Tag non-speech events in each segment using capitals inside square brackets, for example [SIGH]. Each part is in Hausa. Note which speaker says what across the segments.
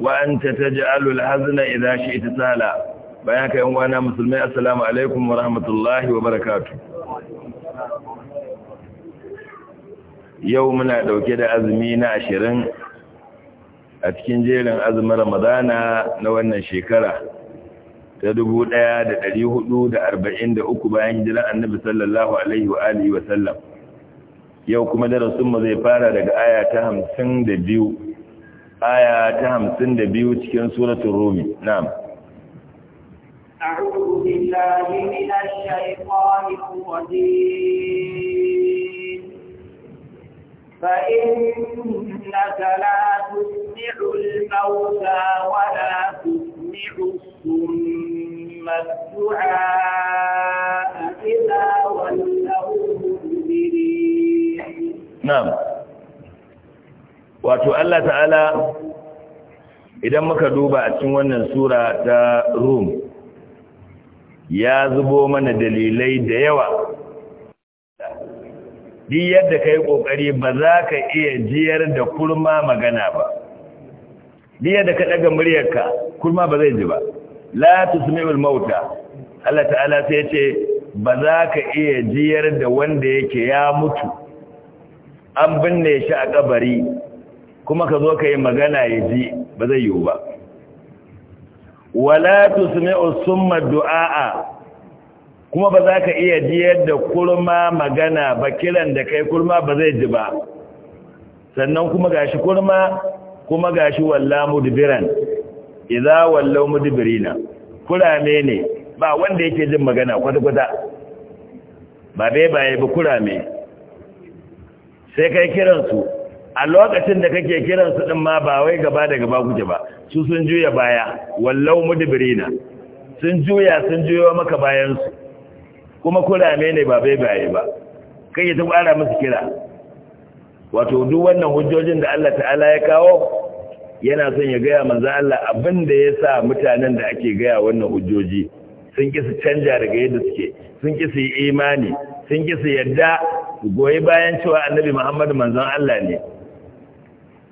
Speaker 1: wa anta taj'alu al-hazna idha shi'ta sala bayan ka yan wana musulmai assalamu alaikum wa rahmatullahi wa barakatuh yau muna dauke da azumi na 20 a cikin jerin azumin ramadana na wannan shekara ta 1443 bayan hijiran annabi sallallahu alaihi wa alihi wa sallam yau kuma darasin mu zai fara daga aya ta 52 aya ta hamsin da biyu cikin suratun rumi
Speaker 2: na'am
Speaker 3: أعوذ بالله من الشيطان الرجيم فإنك لا تسمع الموتى ولا تسمع الصم الدعاء إذا
Speaker 2: ولوا مدبرين نعم
Speaker 1: wato Allah ta'ala idan muka duba a cikin wannan sura ta Rum ya zubo mana dalilai da yawa di yadda ka yi ƙoƙari ba za ka iya jiyar da kurma magana ba di yadda ka ɗaga muryarka kurma ba zai ji ba la tusmi'ul mauta Allah ta'ala sai ce ba za ka iya jiyar da wanda yake ya mutu an binne shi a kabari kuma ka zo ka yi magana ya ji ba zai yiwu ba wala tusmi'u summa du'a kuma ba za ka iya ji yadda kurma magana ba kiran da kai kurma ba zai ji ba sannan kuma gashi kurma kuma gashi walla mudbiran idza wallau mudbirina kurame ne ba wanda yake jin magana kwata-kwata ba bai baye ba kurame sai kai kiransu a lokacin da kake kiran su din ma ba wai gaba daga gaba kuke ba su sun juya baya wallau mudbirina sun juya sun juyo maka bayan su kuma kurame ne ba bai baye ba kai ta fara musu kira wato duk wannan hujjojin da Allah ta'ala ya kawo yana son ya gaya manzo Allah abin da ya sa mutanen da ake gaya wannan hujjoji sun ki su canja daga yadda suke sun ki su yi imani sun ki su yadda goyi bayan cewa annabi Muhammadu manzon Allah ne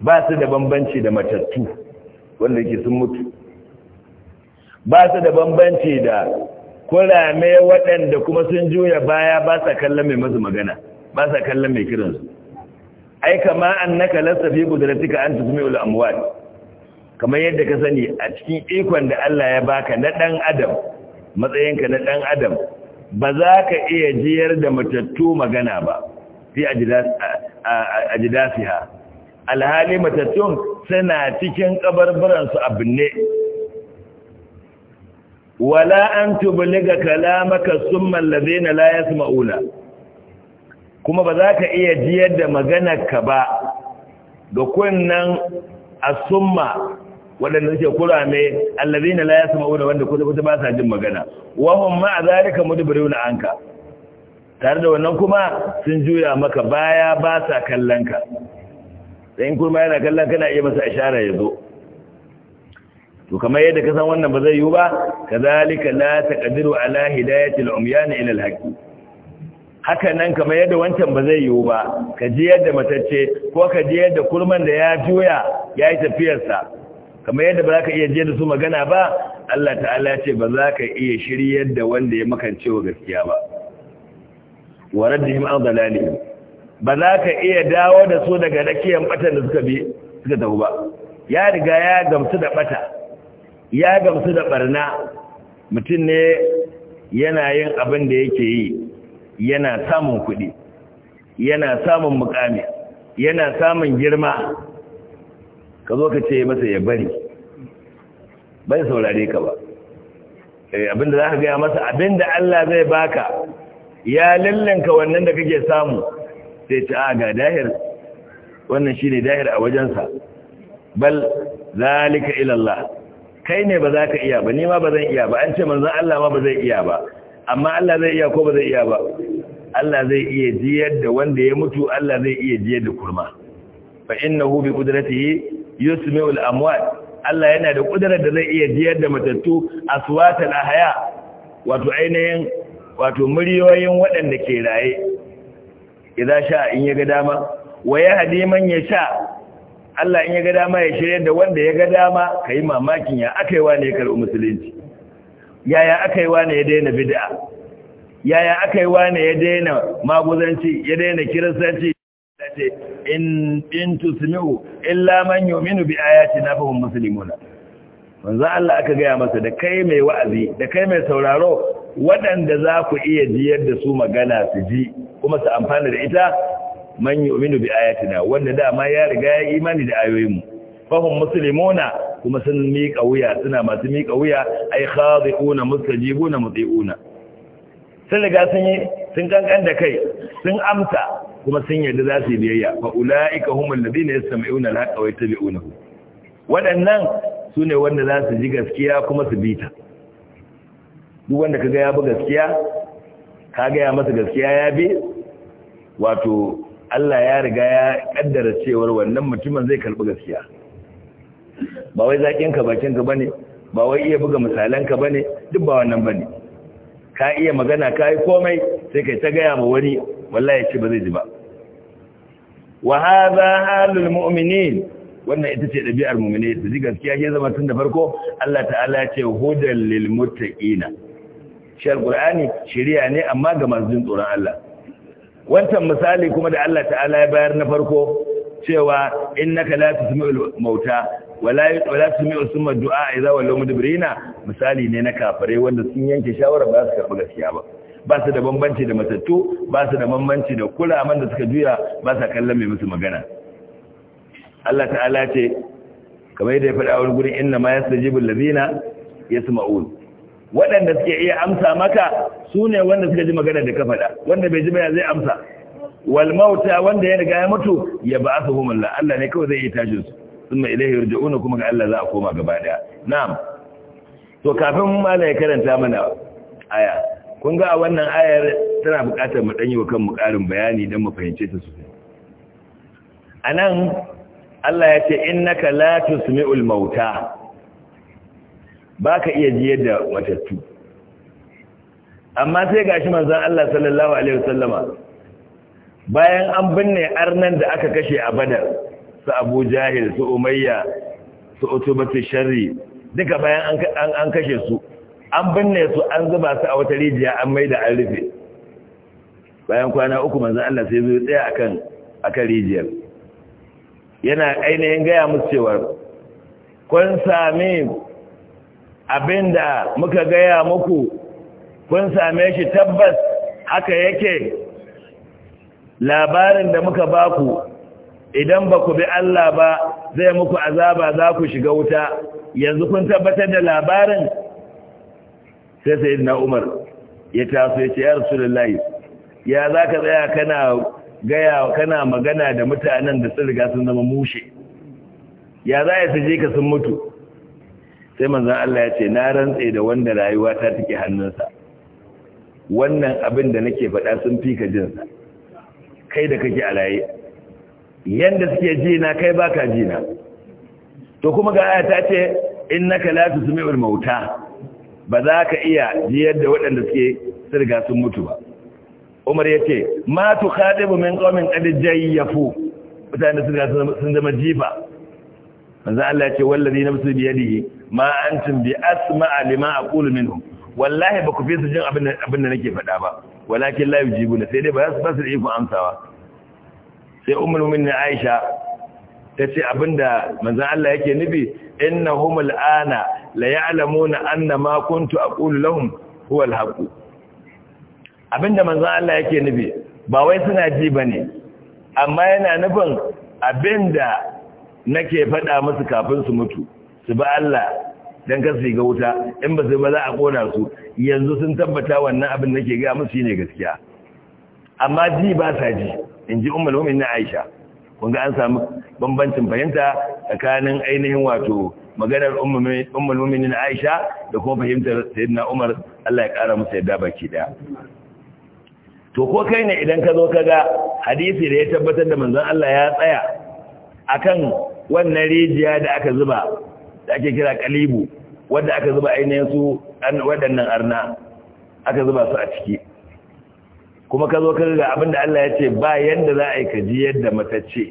Speaker 1: ba su da bambanci da matattu wanda ke sun mutu ba su da bambanci da kurame waɗanda kuma sun juya baya ba sa kallon mai masu magana ba sa kallon mai kiransu ai kama an annaka lasta fi gudratika an tusmi'ul amwat kamar yadda ka sani a cikin ikon da Allah ya baka na ɗan adam matsayinka na ɗan adam ba za ka iya jiyar da matattu magana ba fi ajidasiha alhali matattun suna cikin kabarbaransu a binne wala an tubliga kalamaka summa allazina la yasma'una kuma ba za ka iya jiyar da maganarka ba ga kunnan asumma waɗanda suke kurame allazina la yasma'una wanda kuma ba sa jin magana wa hum ma zalika na anka tare da wannan kuma sun juya maka baya ba sa kallon ka in kurma yana kallon kana iya masa ishara ya zo to kamar yadda ka san wannan ba zai yi ba kazalika la taqdiru ala hidayati al-umyan ila al-haqq haka nan kamar yadda wancan ba zai yi ba ka ji yadda matacce ko ka ji yadda kurman da ya juya ya yi tafiyarsa kamar yadda ba za ka iya je da su magana ba Allah ta'ala ce ba za ka iya shiryar da wanda ya makance wa gaskiya ba wa raddihim an ba za ka iya dawo da su daga rakiyar batan da suka bi suka tafi ba ya riga ya gamsu da ɓata, ya gamsu da ɓarna. mutum ne yana yin abin da yake yi yana samun kuɗi yana samun mukami yana samun girma ka zo ka ce masa ya bari bai saurare ka ba eh, abinda za ka gaya masa abinda Allah zai baka ya lullunka wannan da kake samu sai ta ah, ga dahir wannan shi ne dahir a wajensa bal zalika ilallah kai ne ba za ka iya ba ni ma ba zan iya ba an ce manzan Allah ma ba zai iya ba amma Allah zai iya ko ba zai iya ba Allah zai iya jiyar da wanda ya mutu Allah zai iya jiyar da kurma fa innahu bi qudratihi yusmi'u al-amwat Allah yana da kudurar da zai iya jiyar da matattu aswatul ahya wato ainihin wato muryoyin waɗanda ke raye idza sha in ya ga dama wa hadi man sha Allah in ya ga dama ya shirye da wanda ya ga dama kai mamakin ya akaiwa ne karɓi musulunci yaya akaiwa ne ya daina bid'a yaya akaiwa ne ya daina maguzanci ya daina kiristanci in in tusmi'u illa man yu'minu bi ayatina fa hum muslimuna manzo Allah aka gaya masa da kai mai wa'azi da kai mai sauraro waɗanda za ku iya jiyar da su magana su ji kuma su amfana da ita man ominu bi ayatina wanda dama ya riga ya imani da ayoyinmu Fahim muslimuna kuma sun miƙa wuya suna masu miƙa wuya ai khadi'una mustajibuna muti'una sun riga sun yi sun kankan da kai sun amsa kuma sun yarda za su yi biyayya fa ulaika humul ladina yastami'una al haqa wa yattabi'unahu waɗannan sune wanda za su ji gaskiya kuma su bita. duk wanda kaga ya bi gaskiya ka gaya masa gaskiya ya bi wato Allah ya riga ya kaddara cewar wannan mutumin zai karbi gaskiya ba wai zakin ka bakin ka bane ba wai iya buga misalan ka bane duk ba wannan bane ka iya magana ka komai sai kai ta gaya ma wani wallahi shi ba zai ji ba wa hadha halul mu'minin wannan ita ce dabi'ar mumini da ji gaskiya ke zama tun da farko Allah ta'ala ce lil muttaqina shi alkur'ani shari'a ne amma ga masu jin tsoron Allah wancan misali kuma da Allah ta'ala ya bayar na farko cewa innaka la tusmi'ul mauta wala wala tusmi'u summa du'a idza wallaw mudbirina misali ne na kafare wanda sun yanke shawara ba su karɓi gaskiya ba ba su da bambanci da matattu ba su da bambanci da kulaman da suka juya ba sa kallon mai musu magana Allah ta'ala ce kamar yadda ya faɗa wani gurin inna ma ya su yasma'un waɗanda suke iya amsa maka su ne wanda suka ji magana da ka faɗa wanda bai ji ba zai amsa wal wanda ya riga ya mutu ya ba su humulla Allah ne kawai zai yi tashin su sun mai ilahi kuma ga Allah za a koma gaba daya na'am to kafin malai karanta mana aya kun ga a wannan ayar tana buƙatar mu danyi wa kanmu ƙarin bayani dan mu fahimce ta su anan Allah ya ce innaka la tusmi'ul mauta ba ka iya jiyar da matattu amma sai ga shi manzan Allah sallallahu Alaihi wasallama bayan an binne arnan da aka kashe a badar su abu jahil su umayya su otobatu shari duka bayan an kashe su an binne su an zuba su a wata rijiya an mai da an rufe bayan kwana uku manzan Allah sai zai tsaya akan akan rijiyar yana ainihin gaya musu cewa kun sami abinda muka gaya muku kun same shi tabbas haka yake labarin da muka baku idan ba ku bi Allah ba zai muku azaba za ku shiga wuta yanzu kun tabbatar da labarin sai sai na umar ya taso ya ce ya rasulullahi ya za ka tsaya kana gaya kana magana da mutanen da sun riga sun zama mushe ya za ya suje ka sun mutu sai manzan Allah ya ce na rantse da wanda rayuwa ta take hannunsa wannan abin da nake faɗa sun fi ka jinsa kai da kake alaye yanda suke ji na kai baka ji na to kuma ga aya ta ce innaka la tusmi'ul mauta ba za ka iya jiyar da waɗanda suke sirga sun mutu ba umar ya ce ma tu khadibu min qawmin qad jayyafu mutane sun zama jifa manzo Allah ya ce wallazi nafsu bi yadihi ma antum bi asma'a lima aqulu minhum wallahi ba ku fi su jin abin da nake faɗa ba walakin la yujibu sai dai ba su ba su da iko amsawa sai ummul mu'minin Aisha tace abinda manzo Allah yake nufi innahum al'ana la ya'lamuna anna ma kuntu aqulu lahum huwa al-haqq abinda manzo Allah yake nufi ba wai suna ji bane amma yana nufin abinda nake faɗa musu kafin su mutu su ba Allah don kar su ga wuta in ba su ba za a kona su yanzu sun tabbata wannan abin nake ga musu shine gaskiya amma ji ba sa ji in ji ummul mu'minin Aisha kun ga an samu bambancin fahimta tsakanin ainihin wato maganar ummul mu'minin Aisha da kuma fahimtar sayyidina Umar Allah ya kara musu yadda baki ɗaya. to ko kai ne idan ka zo ka ga hadisi da ya tabbatar da manzon Allah ya tsaya akan wannan rijiya da aka zuba da ake kira kalibu wadda aka zuba ainihin su waɗannan arna aka zuba su a ciki kuma ka zo ka ga abinda Allah ya ce ba yanda za a yi ka ji yadda matacce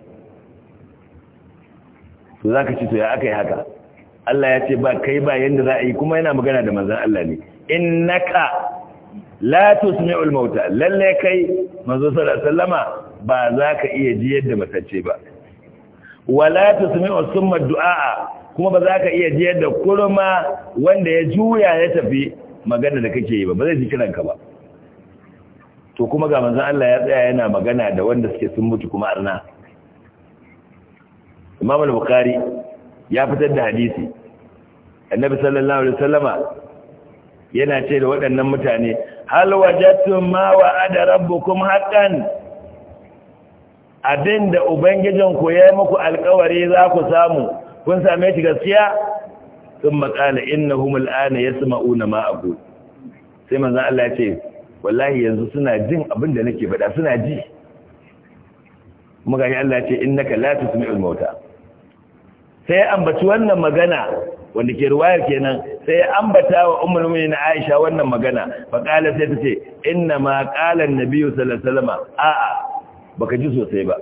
Speaker 1: to za ka ci to ya aka yi haka Allah ya ce ba kai ba yanda za a yi kuma yana magana da manzan Allah ne innaka la tusmi'ul mauta lalle kai manzo sallallahu alaihi wasallama ba za ka iya ji yadda matacce ba wala tusmi'u summa du'a kuma ba za ka iya jiyar da kurma wanda ya juya ya tafi magana da kake yi ba ba zai ji kiranka ba to kuma ga manzon Allah ya tsaya yana magana da wanda suke sun mutu kuma arna Imam al-Bukhari ya fitar da hadisi Annabi sallallahu alaihi wasallama yana ce da waɗannan mutane hal wajadtum ma wa'ada rabbukum haqqan Abin da ubangijin ku ya muku alkawari za ku samu kun same shi gaskiya sun makala innahum al'ana yasma'una ma aqul sai manzon Allah ya ce wallahi yanzu suna jin da nake faɗa suna ji muka yi Allah ce innaka la tusmi'ul mauta sai ambaci wannan magana wanda ke ruwayar kenan sai ambata wa ummul mu'minin Aisha wannan magana fa kala sai ce, inna ma qala an-nabiyyu sallallahu alaihi wasallam a'a baka ji sosai ba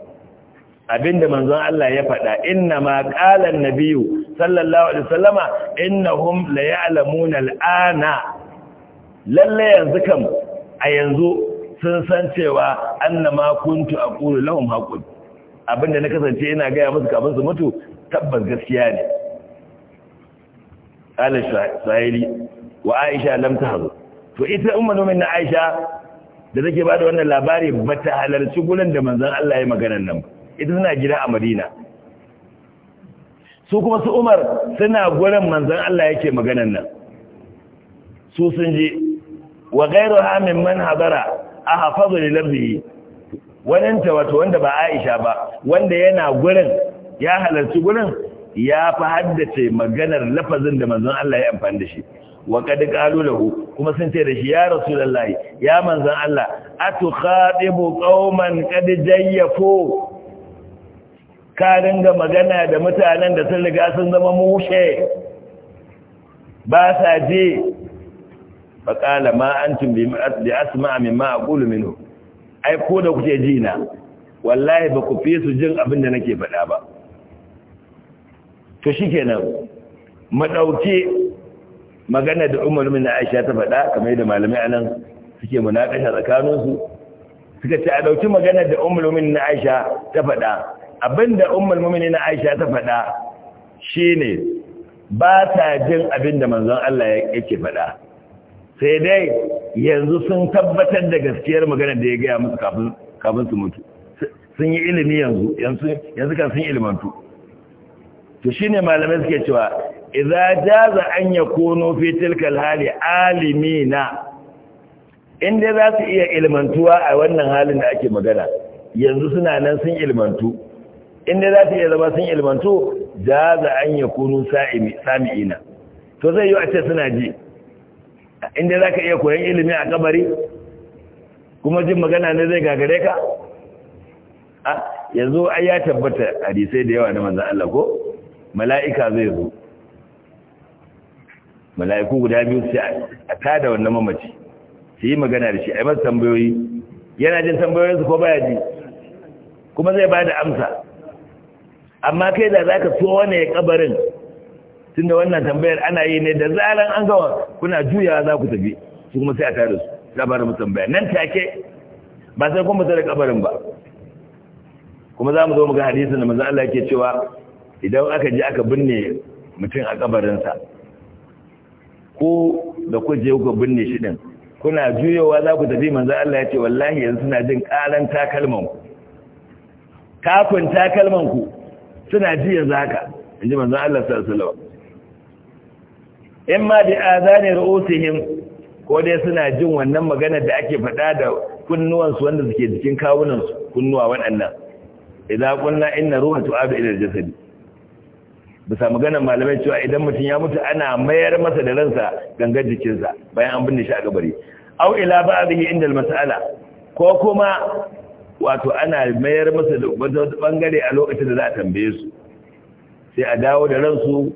Speaker 1: abinda manzon Allah ya faɗa inna ma qala an-nabiyyu sallallahu alaihi wasallama innahum la ya'lamuna al-ana lalle yanzu kam a yanzu sun san cewa annama kuntu aqulu lahum haqqun abinda na kasance ina ga ya musu kafin su mutu tabbas gaskiya ne qala sa'ili wa aisha lam tahzu to ita ummu min aisha da take ba da wannan labari ba ta halarci gurin da manzon Allah ya maganan nan ita suna gida a madina su kuma su umar suna gurin manzan Allah yake maganan nan su sun je wa gairu amin man habara a hafazu da lafiyi waninta wato wanda ba aisha ba wanda yana gurin ya halarci gurin ya fi haddace maganar lafazin da manzon Allah ya amfani da shi wa kad qalu lahu kuma sun ce da shi ya rasulullahi ya manzon Allah atukhadibu qauman kad jayyafu ka dinga magana da mutanen da sun riga sun zama mushe ba sa je fa qala ma antum bi asma mimma aqulu minhu ai ko da kuke ji na wallahi ba ku fi su jin abin da nake faɗa ba to kenan, mu maɗauke magana da Umar na Aisha ta faɗa kamar yadda malamai anan suke munakasha tsakaninsu? su suka ce a ɗauki magana da Umar na Aisha ta faɗa abinda Umar na Aisha ta faɗa shi ne, ba ta jin abinda manzon Allah yake faɗa sai dai yanzu sun tabbatar da gaskiyar magana da ya gaya musu kafin su mutu sun yi ilimi yanzu yanzu kan sun ilimantu to shine malamai suke cewa idza jaza an yakunu fi tilkal hali alimina inda za su iya ilmantuwa a wannan halin da ake magana yanzu suna nan sun ilmantu inda za su iya zama sun ilmantu jaza an yakunu sami'ina to zai yi a ce suna ji inda za ka iya koyon ilimi a kabari kuma jin magana ne zai gagare ka yanzu ai ya tabbata hadisai da yawa na manzan Allah ko mala'ika zai zo mala'iku guda biyu su a tada wannan mamaci su yi magana da shi a yi masa tambayoyi yana jin tambayoyinsu ko baya ji kuma zai ba da amsa amma kai da za ka so wane ya kabarin tun da wannan tambayar ana yi ne da zaran an gawa kuna juyawa za ku tafi su kuma sai a tada su za ba mu tambaya nan take ba sai kuma da kabarin ba kuma za mu zo mu ga hadisin da manzo Allah yake cewa idan aka je aka binne mutum a kabarinsa ko da ku je ku binne shi din kuna juyowa za ku tafi manzo Allah ya ce wallahi yanzu suna jin karan takalman ku kafin takalman ku suna ji yanzu haka inji manzo Allah sallallahu alaihi wasallam imma bi azani ru'usihim ko dai suna jin wannan magana da ake faɗa da kunnuwansu wanda suke jikin kawunansu kunnuwa waɗannan idan kunna inna ruha tu'abu ila jasadi bisa maganar malamai cewa idan mutum ya mutu ana mayar masa da ransa gangar jikinsa bayan an binne shi a gabari aw ila ba'dihi inda al-mas'ala ko kuma wato ana mayar masa da wata bangare a lokacin da za a tambaye su sai a dawo da ransu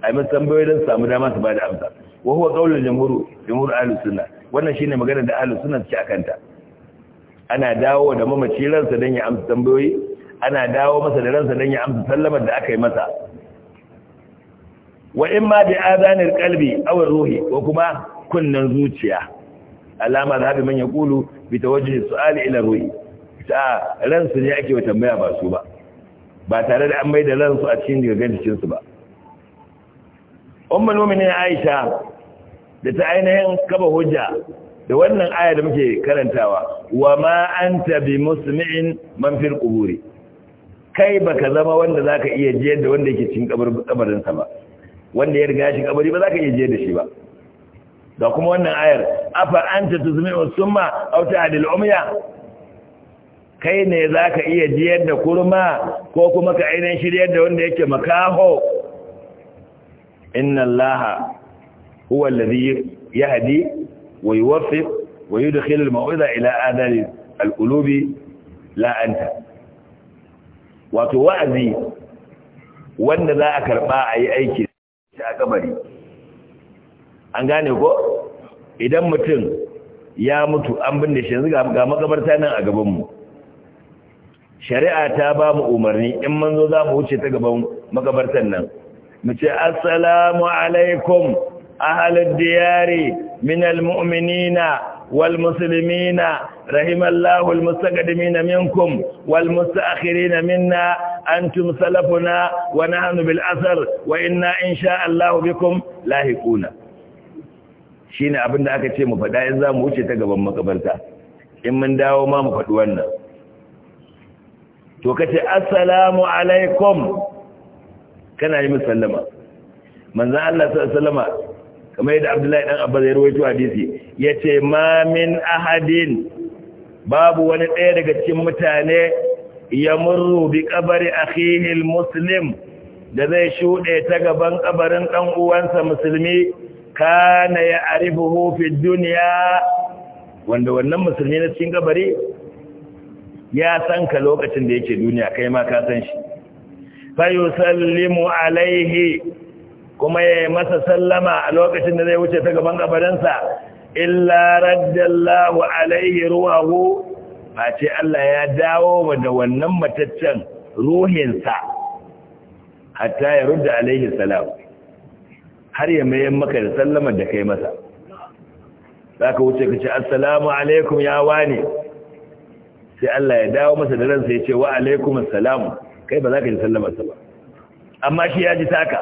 Speaker 1: a yi tambayoyi don samu dama su ba da amsa wa huwa qaulul jumhur jumhur ahli sunna wannan shine magana da ahli sunna suke akanta ana dawo da mamaci ransa don ya amsa tambayoyi ana dawo masa da ransa don ya amsa sallamar da aka yi masa wa in ma bi azanin kalbi aw ruhi ko kuma kunnan zuciya alama zahabi man Kulu bi wajen su'ali ila ruhi ta ransu ne ake tambaya ba su ba ba tare da an maida ransu a cikin daga cikin su ba ummul mu'minin Aisha da ta ainihin kaba hujja da wannan aya da muke karantawa wa ma anta bi musmi'in man fil quburi kai baka zama wanda zaka iya jiyar da wanda yake cikin kabarin sa ba wanda ya riga shi kabari ba za ka iya je da shi ba da kuma wannan ayar afa anta tuzmi'u summa aw ta'dil umya kai ne za ka iya jiyar da kurma ko kuma ka ainihin shiryar da wanda yake makaho inna allaha huwa alladhi yahdi wa yuwaffiq wa yudkhilu al-mau'iza ila al-qulubi wato wa'azi wanda za a karba a yi aiki ta kabari an gane ko idan mutum ya mutu an binne shi yanzu ga makabarta nan a gabanmu shari'a ta ba mu umarni in mun zo za mu wuce ta gaban makabartan nan mu ce assalamu alaikum ahalud diyari minal mu'minina والمسلمين رحم الله المستقدمين منكم والمستأخرين منا أنتم سلفنا ونحن بالأثر وإنا إن شاء الله بكم لاهقون shine abin da aka ce mu faɗa in za mu wuce ta gaban makabarta in mun dawo ma mu faɗi wannan to kace assalamu alaikum kana yi musallama manzon Allah sallallahu alaihi wasallama kamar yadda Abdullahi dan Abba zai hadisi ya ce mamin ahadin babu wani ɗaya daga cikin mutane ya murru bi kabari akhihil muslim da zai shuɗe ta gaban kabarin ɗan uwansa musulmi kana ya arifuhu fi duniya wanda wannan musulmi na cikin kabari ya san ka lokacin da yake duniya kai ma ka san shi fayusallimu alaihi kuma ya masa sallama a lokacin da zai wuce ta gaban ƙabarinsa. illa raddallahu alaihi ruhu ba ce Allah ya dawo da wannan mataccen ruhinsa hatta ya rudda alaihi salam har ya mai maka da sallama da kai masa za ka wuce ka ce assalamu alaikum ya wane sai Allah ya dawo masa da ransa ya ce wa alaikum assalam kai ba za ka ji sa ba amma shi ya ji taka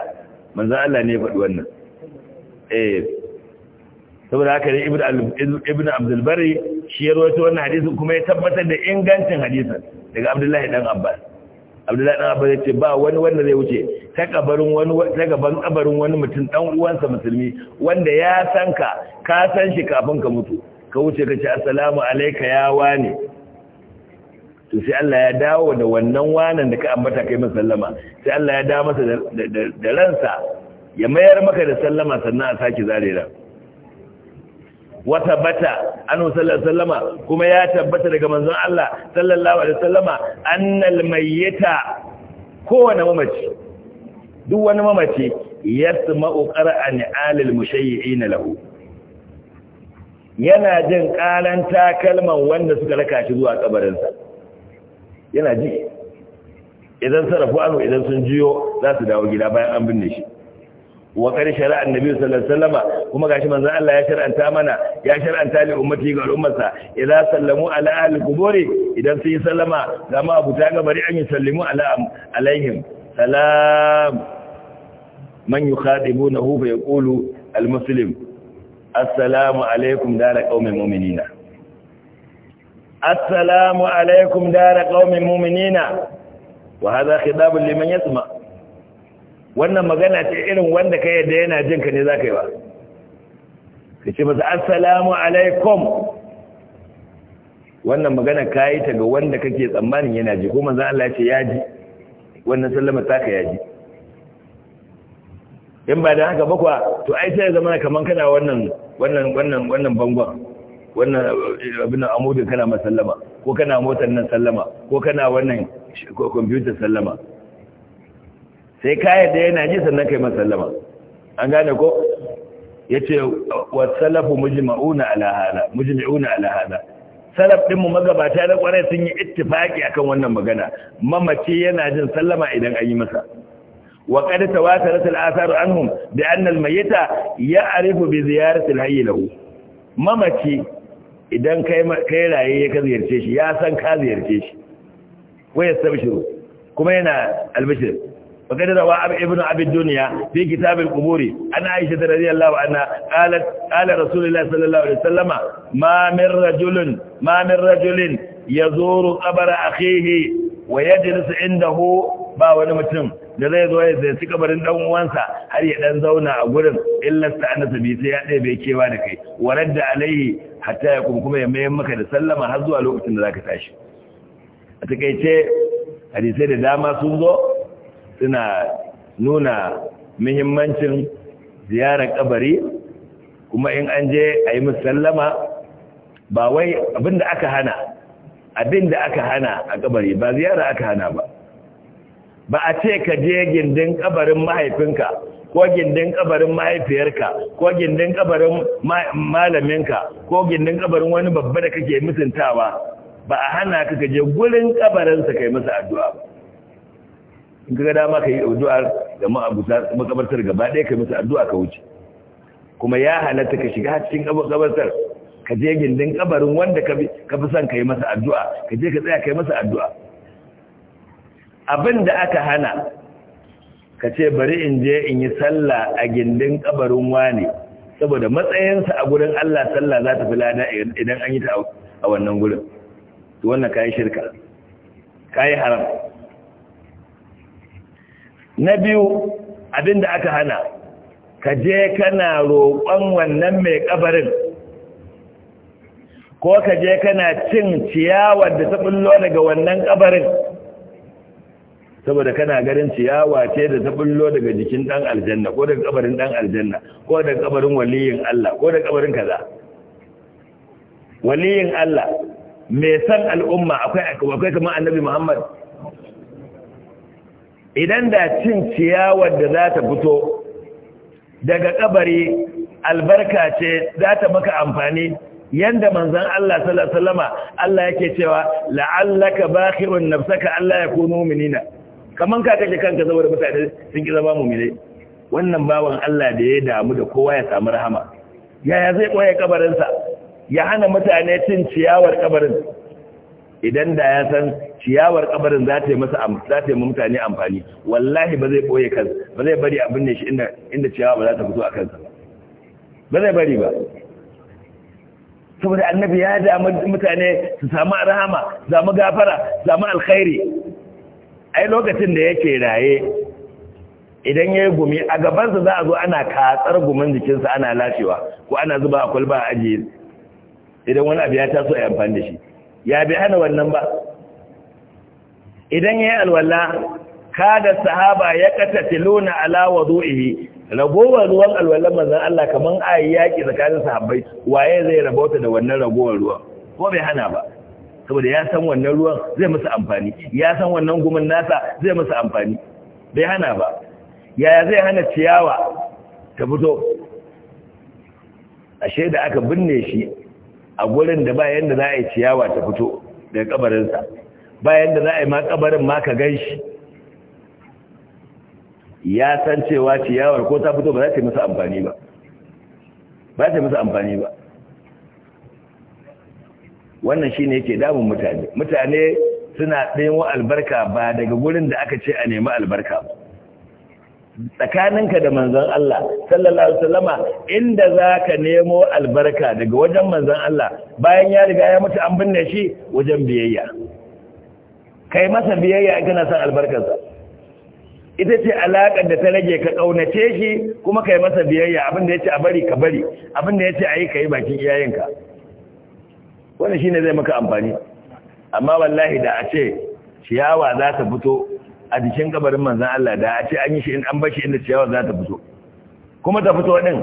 Speaker 1: manzo Allah ne ya faɗi wannan eh saboda haka ne ibn abdulbari shi ya rawaito wannan hadisin kuma ya tabbatar da ingancin hadisin daga abdullahi dan abbas abdullahi dan abbas ya ce ba wani wanda zai wuce ta kabarin wani ta gaban kabarin wani mutum dan uwansa musulmi wanda ya san ka ka san shi kafin ka mutu ka wuce ka ce assalamu alayka ya wani to sai Allah ya dawo da wannan wanan da ka ambata kai masallama sai Allah ya dawo masa da ransa ya mayar maka da sallama sannan a saki zare ran wa tabbata annahu sallallahu alaihi kuma ya tabbata daga manzon Allah sallallahu alaihi sallama, annal mayyita kowane mamaci duk wani mamaci yasma'u qara'an alil mushayyi'in lahu yana jin karan takalman wanda suka raka shi zuwa sa yana ji idan sarrafu anu idan sun jiyo za su dawo gida bayan an binne shi wa kar shari'a annabi sallallahu alaihi wasallam kuma gashi manzon Allah ya shar'anta mana ya shar'anta li ummati ga ummarsa idza sallamu ala ahli quburi idan sun yi sallama ga ma abuta ga bari an yi sallimu ala alaihim salam man yukhadibunahu fa yaqulu almuslim assalamu alaikum dara qaumin mu'minina assalamu alaikum dara qaumin mu'minina wa hadha khitabun liman yasma' wannan magana ce irin wanda ka yadda yana jin ka ne za ka yi ba ka ce masu assalamu alaikum wannan magana ka yi ta ga wanda kake tsammanin yana ji ko manzan Allah ce ya ji wannan sallama ka ya ji in ba da haka bakwa to ai sai zama na kaman kana wannan wannan wannan wannan bangon wannan eh, abin da amudin kana masallama ko kana motar nan sallama ko kana wannan kwamfutar sallama sai ka yadda yana ji sannan kai masallama an gane ko ya ce wasalafu mujma'una ala hada ala hada salaf din mu magabata na ƙwarai sun yi ittifaki akan wannan magana mamaci yana jin sallama idan an yi masa wa qad tawatarat al-atharu anhum bi anna al-mayyita ya'rifu bi ziyarati al lahu mamaci idan kai kai raye ka ziyarce shi ya san ka ziyarce shi waya sabshiru kuma yana albishir وقد روى ابن أبي الدنيا في كتاب القبور أن عائشة رضي الله عنها قالت قال رسول الله صلى الله عليه وسلم ما من رجل ما من رجل يزور قبر أخيه ويجلس عنده ba wani mutum da zai zo ya zai kabarin dan uwansa har ya dan zauna a gurin illa sta'anasa bi sai ya ɗaya bai kewa da kai warar da alaihi hatta ya kuma kuma ya mayan maka da sallama har zuwa lokacin da zaka tashi a takaice hadisai da dama sun zo suna nuna muhimmancin ziyarar kabari kuma in an je a yi musallama ba wai da aka hana da aka hana a kabari ba ziyara aka hana ba ba a ce ka je gindin kabarin mahaifinka ko gindin kabarin mahaifiyarka ko gindin kabarin malaminka ko gindin kabarin wani babba da kake mutuntawa ba a hana ka ka je gurin kabarinsa kai masa addu'a ba in ka dama ka yi addu'ar ga makabartar gaba ɗaya ka musu addu'a ka wuce kuma ya halatta ka shiga cikin kabartar ka je gindin kabarin wanda ka fi son ka yi masa addu'a ka je ka tsaya ka masa addu'a abin da aka hana ka ce bari in je in yi sallah a gindin kabarin wane saboda matsayinsa a gurin Allah sallah za ta fi lada idan an yi ta a wannan gurin To wannan kayi shirka kai haram na biyu abinda aka hana ka je kana roƙon wannan mai kabarin ko ka je kana cin ciyawar da ta bullo daga wannan kabarin saboda kana garin ciyawa ce da ta bullo daga jikin dan aljanna ko daga kabarin dan aljanna ko daga kabarin waliyin Allah ko daga kabarin kaza waliyin Allah mai san al'umma akwai akwai annabi Muhammad idan da cin ciyawar da za ta fito daga kabari albarka ce za ta maka amfani yanda manzon Allah sallallahu alaihi wasallama Allah yake cewa la'allaka bakhirun nafsaka Allah ya minina kaman ka kake kanka saboda mutane sun ki zama mu'mine wannan bawan Allah da ya damu da kowa ya samu rahama yaya zai koya kabarin ya hana mutane cin ciyawar kabarin idan da ya san ciyawar kabarin za ta yi masa za ta yi mutane amfani wallahi ba zai boye kansa ba zai bari abin ne shi inda inda ciyawa ba za ta fito a kansa ba zai bari ba saboda annabi ya da mutane su samu rahama samu gafara samu alkhairi ai lokacin da yake raye idan ya gumi a gaban gabansa za a zo ana katsar gumin jikinsa ana lashewa ko ana zuba a kwalba a ajiye idan wani abu ya taso a yi amfani da shi ya bi hana wannan ba idan ya yi alwala kada sahaba ya kata tilona ala wadu'ihi ragowar ruwan alwala mazan Allah kaman ayi yaki tsakanin sahabbai waye zai rabauta da wannan ragowar ruwan ko bai hana ba saboda ya san wannan ruwan zai musu amfani ya san wannan gumin nasa zai musu amfani bai hana ba yaya zai hana ciyawa ta fito ashe da aka binne shi a gurin da ba yanda za a yi ciyawa ta fito daga kabarinsa bayan da za a yi makabarin ma ka gan shi ya san cewa ciyawar ko ta fito ba za ta yi masa amfani ba ba ta yi masa amfani ba wannan shi ne yake damun mutane mutane suna ɗayan albarka ba daga gurin da aka ce a nemi albarka ba tsakaninka da manzon Allah sallallahu alaihi wasallama inda ka nemo albarka daga wajen manzon Allah bayan ya riga ya mutu an binne shi wajen biyayya kai masa biyayya in kana son albarkarsa ita ce alaƙar da ta rage ka ƙaunace shi kuma kai masa biyayya abin da ya ce a bari ka bari abin da ya ce a yi ka yi bakin iyayenka wanda shi ne zai maka amfani amma wallahi da a ce ciyawa za ta fito a jikin kabarin manzan Allah da a ce an yi shi in an bashi inda ciyawa za ta fito kuma ta fito din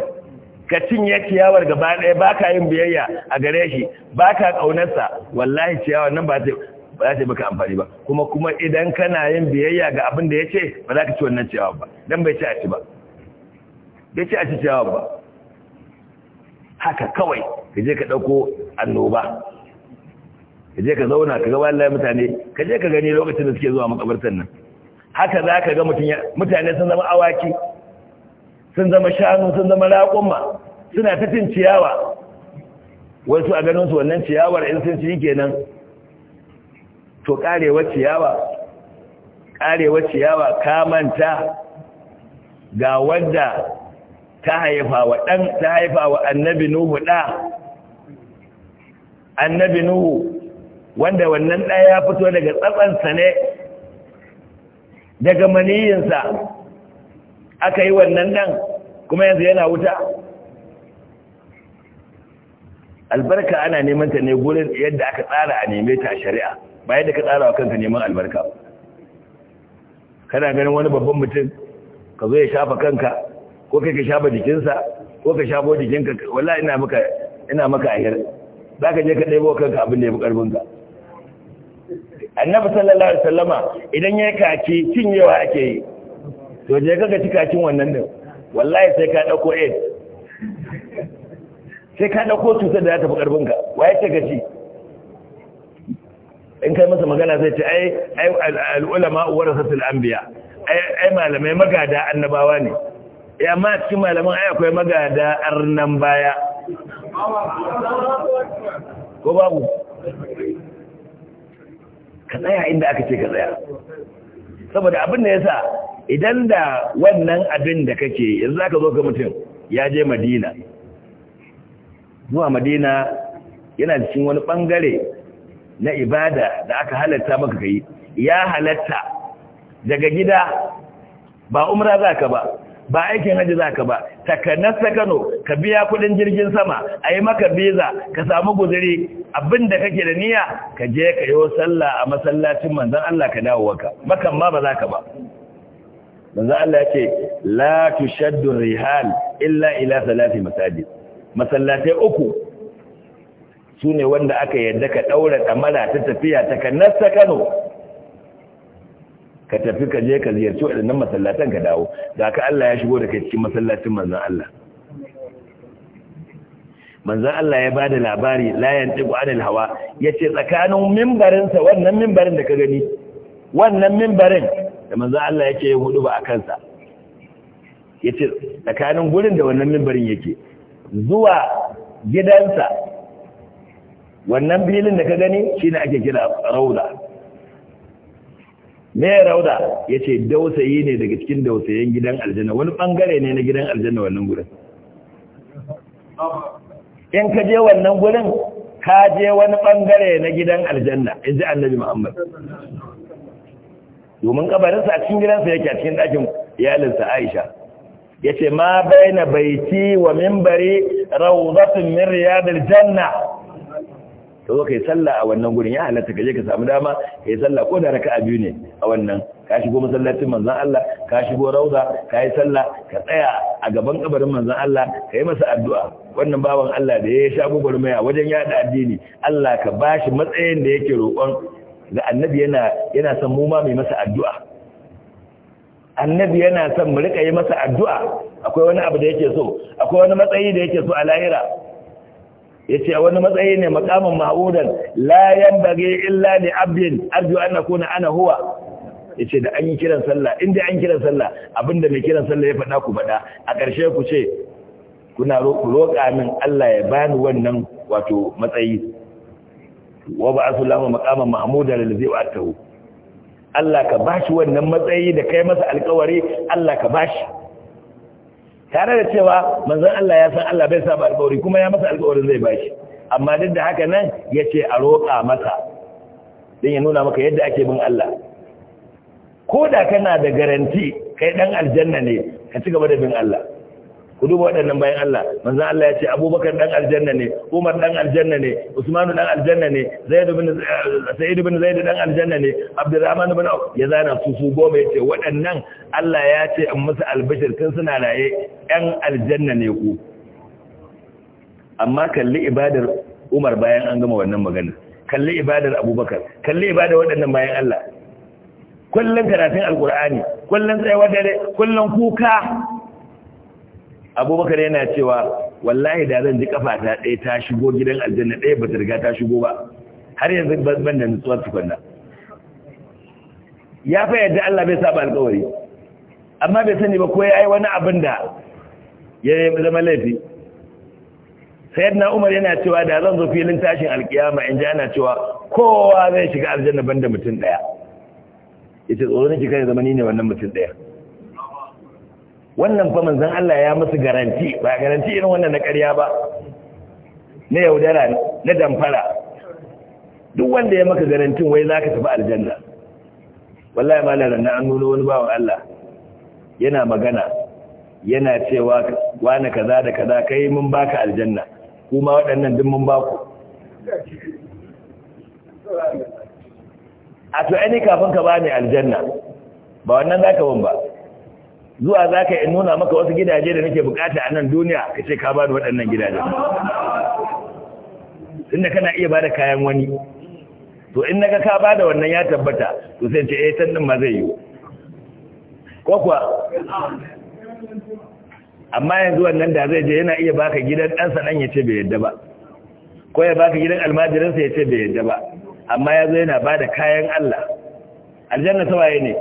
Speaker 1: ka cinye ciyawar gaba ɗaya ba ka yin biyayya a gare shi ba ka ƙaunarsa wallahi ciyawar nan ba ta ba za ta maka amfani ba kuma kuma idan kana yin biyayya ga abin da ya ce ba za ka ci wannan ciyawa ba don bai ci a ci ba bai ci a ci ciyawa ba haka kawai ka je ka ɗauko annoba ka je ka zauna ka gaba Allah mutane ka je ka gani lokacin da suke zuwa makabartan nan haka za ka ga mutane sun zama awaki sun zama shanu sun zama raƙumma suna ta cin ciyawa wasu a ganin su wannan ciyawar in sun ci kenan to karewar ciyawa karewar ciyawa kamanta ga wadda ta haifa wa dan ta haifa wa annabi nuhu ɗa annabi nuhu wanda wannan ɗaya ya fito daga tsatsansa ne daga maniyinsa aka yi wannan dan kuma yanzu yana wuta albarka ana neman ta ne gurin yadda aka tsara a neme ta shari'a ba yadda ka tsara wa kanka neman albarka kana ganin wani babban mutum ka zo ya shafa kanka ko kai ka shafa jikinsa ko ka shafo jikinka wallahi ina maka ina maka ahir ka je ka ɗebo kanka abin da ya fi ƙarfin ka. annabi sallallahu alaihi wasallama idan ya kaki cinyewa ake yi to je kaga cikakin wannan din wallahi sai ka dauko eh. sai ka dauko cutar da ta fi ƙarfin ka waye ce gaci in kai masa magana sai ce ai al'ulama warasatul anbiya ai malamai magada annabawa ne ya eh, ma cikin malaman ai akwai magada arnan baya ko babu ka tsaya inda aka ce ka tsaya saboda abin da yasa idan da wannan abin da kake yanzu zaka zo ga mutum ya je Madina zuwa Madina yana cikin wani bangare na ibada da aka halatta maka kai ya halatta daga gida ba umra za ka ba ba aikin haji za ka ba takanar sakano ka biya kudin jirgin sama a yi maka biza ka samu guzuri abinda kake da niyya ka je ka yi sallah a masallacin manzan Allah ka dawo waka makan ma ba za ka ba manzan Allah ya ce la tushaddu rihal illa ila salati masajid masallatai uku su ne wanda aka yadda ka ɗaura ɗamara ta tafiya ta kannar ta kano ka tafi ka je ka ziyarci waɗannan masallatan ka dawo da ka Allah ya shigo da kai cikin masallacin manzan Allah manzan Allah ya ba da labari layan tiku adal hawa ya ce tsakanin mimbarinsa wannan mimbarin da ka gani wannan mimbarin da manzan Allah ya ce ya hudu ba a kansa ya ce tsakanin gurin da wannan mimbarin yake zuwa gidansa wannan filin da ka gani shi ne ake kira rauda me rauda yace dausayi ne daga cikin dausayen gidan aljanna wani bangare ne na gidan aljanna wannan gurin in ka je wannan gurin ka je wani bangare na gidan aljanna in ji annabi muhammad domin kabarinsa a cikin gidansa yake a cikin ɗakin iyalinsa aisha ya ce ma bai na baiti wa mimbari rauratun min riyadar janna ka zo ka yi sallah a wannan gurin ya halatta ka je ka samu dama ka yi sallah ko da raka a biyu ne a wannan ka shigo masallacin manzan Allah ka shigo rauza ka yi sallah ka tsaya a gaban kabarin manzon Allah ka yi masa addu'a wannan bawan Allah da ya sha gogoro mai a wajen yada addini Allah ka bashi matsayin da yake roƙon ga annabi yana yana son mu ma mai masa addu'a annabi yana son mu rika yi masa addu'a akwai wani abu da yake so akwai wani matsayi da yake so a lahira yace a wani matsayi ne makamin ma'udan la yanbaghi illa li abdin arju an kuna ana huwa yace da an yi kiran sallah inda an kiran sallah abinda mai kiran sallah ya faɗa ku faɗa a ƙarshe ku ce kuna roƙa min Allah ya bani wannan wato matsayi wa ba'athu lahu maqaman mahmudan allazi wa'atahu Allah ka bashi wannan matsayi da kai masa alƙawari Allah ka bashi tare da cewa manzon Allah ya san Allah bai saba alƙawari kuma ya masa alƙawarin zai bashi amma duk da haka nan ya ce a roƙa masa don ya nuna maka yadda ake bin Allah ko da kana da garanti kai ɗan aljanna ne ka ci gaba da bin Allah ku duba waɗannan bayan Allah manzon Allah ya ce Abubakar dan aljanna ne Umar dan aljanna ne Usman dan aljanna ne Zaid bin eh, Sa'id ɗan Zaid dan aljanna ne Abdurrahman bin Auf ya zana su su goma ya ce waɗannan Allah ya ce in musu albashir tun suna raye ɗan aljanna ne ku amma kalli ibadar Umar bayan an gama wannan magana kalli ibadar Abubakar kalli ibadar waɗannan bayan Allah kullun karatun alkur'ani kullun tsayawar dare kullun kuka abubakar yana cewa wallahi da zan ji ta ɗaya ta shigo gidan aljanna ɗaya ba ta riga ta shigo ba har yanzu ban da nutsuwar tukunna ya fa yadda Allah bai saba alƙawari amma bai sani ba ko ya yi wani abin da ya zama laifi sayyidina Umar yana cewa da zan zo filin tashin alkiyama in ji ana cewa kowa zai shiga aljanna banda mutum ɗaya yace tsoro nake kai zama ni ne wannan mutum ɗaya wannan fa manzon Allah ya musu garanti ba garanti irin wannan na ƙarya ba na yaudara na damfara duk wanda ya maka garantin wai za ka tafi aljanna wallahi malar na an nuna wani bawan Allah yana magana yana cewa wani kaza da kaza kai mun baka aljanna kuma waɗannan duk mun baku a to ainihin kafin ka bani aljanna ba wannan za ka ban ba zuwa za ka nuna maka wasu gidaje da nake bukata a nan duniya ka ce ka ba da waɗannan gidaje inda kana iya ba da kayan wani to in naga ka ba da wannan ya tabbata to sai ce eh tannin ma zai yi ko kuwa amma yanzu wannan da zai je yana iya baka gidan ɗansa ɗan ya ce bai yadda ba ko ya baka gidan almajirinsa ya ce bai yadda ba amma ya zo yana ba da kayan Allah aljanna ta waye ne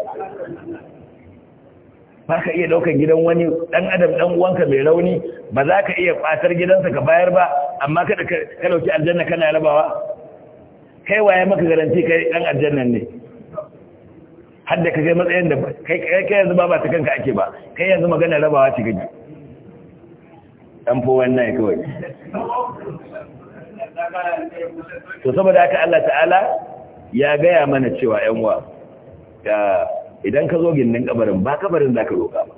Speaker 1: ba ka iya daukan gidan wani dan adam dan uwanka mai rauni ba za ka iya kwatar gidansa ka bayar ba amma kada ka dauki aljanna kana rabawa kai waye maka garanti kai dan aljannan ne har da ka kai matsayin da kai kai yanzu ba ba ta kanka ake ba kai yanzu magana rabawa ce gaji dan fo wannan kawai
Speaker 2: to saboda haka Allah ta'ala
Speaker 1: ya gaya mana cewa yan uwa idan ka zo gindin kabarin ba kabarin za ka roƙa ba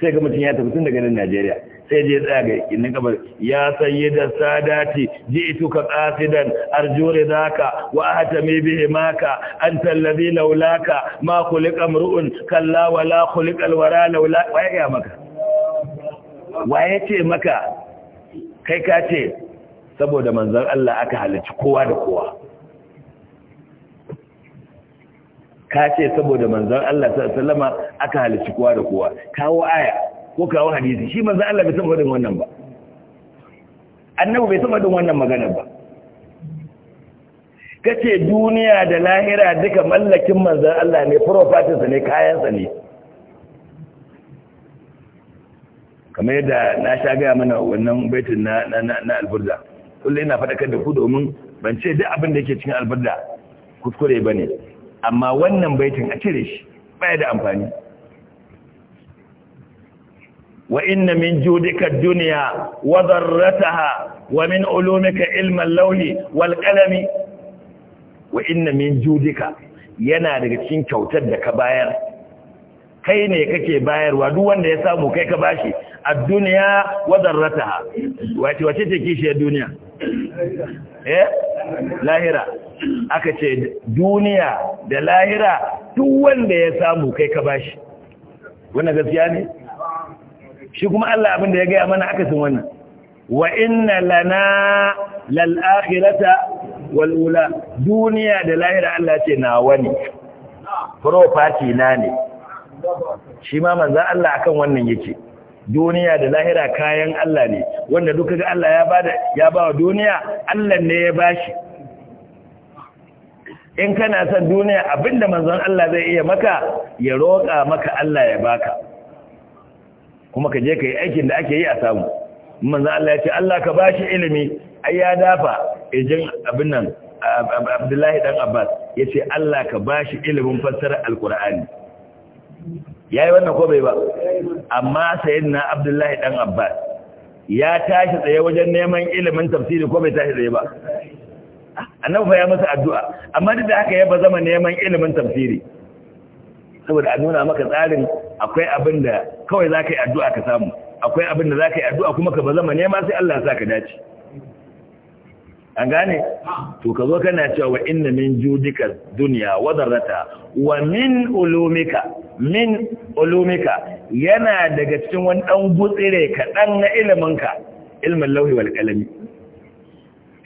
Speaker 1: sai ga mutum ya tafi tun daga nan Najeriya sai je tsaya ga gindin kabarin ya sayi da sadati ji itu ka qasidan arjure zaka wa ahtami bihi maka anta allazi laulaka ma khuliqa mar'un kalla wala khuliqa alwara laula Wa ya maka ya ce maka kai ka ce saboda manzon Allah aka halarci kowa da kowa ka ce saboda manzon Allah sallama aka halicci kowa da kowa kawo aya ko kawo hadisi shi manzon Allah bai saboda wannan ba annabi bai saboda wannan magana ba kace duniya da lahira duka mallakin manzon Allah ne property sa ne kayan sa ne kamar yadda na sha gaya mana wannan baitin na na alburda kullum ina faɗakar da ku domin ban ce duk abin da yake cikin alburda kuskure ba ne amma wannan baitin a cire shi baya da amfani wa inna min judika dunya wa dharrataha wa min ulumika ilma al wal qalami wa inna min judika yana daga cikin kyautar da ka bayar kai ne kake bayarwa duk wanda ya samu kai ka bashi A duniya wa dharrataha wace wace take shi duniya eh lahira aka ce duniya da lahira duk wanda ya samu kai ka bashi wannan gaskiya ne shi kuma Allah abin da ya gaya mana aka sun wannan wa inna lana lal akhirata wal ula duniya da lahira Allah ce nawa ne property na ne shi ma manzo Allah akan wannan yake duniya da lahira kayan Allah ne wanda duk ga Allah ya bada ya bawa duniya Allah ne ya bashi in kana son duniya abinda manzon Allah zai iya maka ya roƙa maka Allah ya baka kuma ka je ka yi aikin da ake yi a samu manzon Allah ya ce Allah ka bashi ilimi ai ya dafa ejin abin nan Abdullahi dan Abbas ya ce Allah ka bashi ilimin fassara alkur'ani yayi wannan ko bai ba amma sayyidina Abdullahi dan Abbas ya tashi tsaye wajen neman ilimin tafsiri ko bai tashi tsaye ba annabi fa ya masa addu'a amma duk da haka ya ba zama neman ilimin tafsiri saboda a nuna maka tsarin akwai abin da kawai za ka yi addu'a ka samu akwai abin da za ka yi addu'a kuma ka ba bazama nema sai Allah sa ka dace an gane to ka zo kana cewa inna min judika duniya wadarrata wa min ulumika min ulumika yana daga cikin wani dan gutsire kaɗan na iliminka ilmin lauhi wal kalami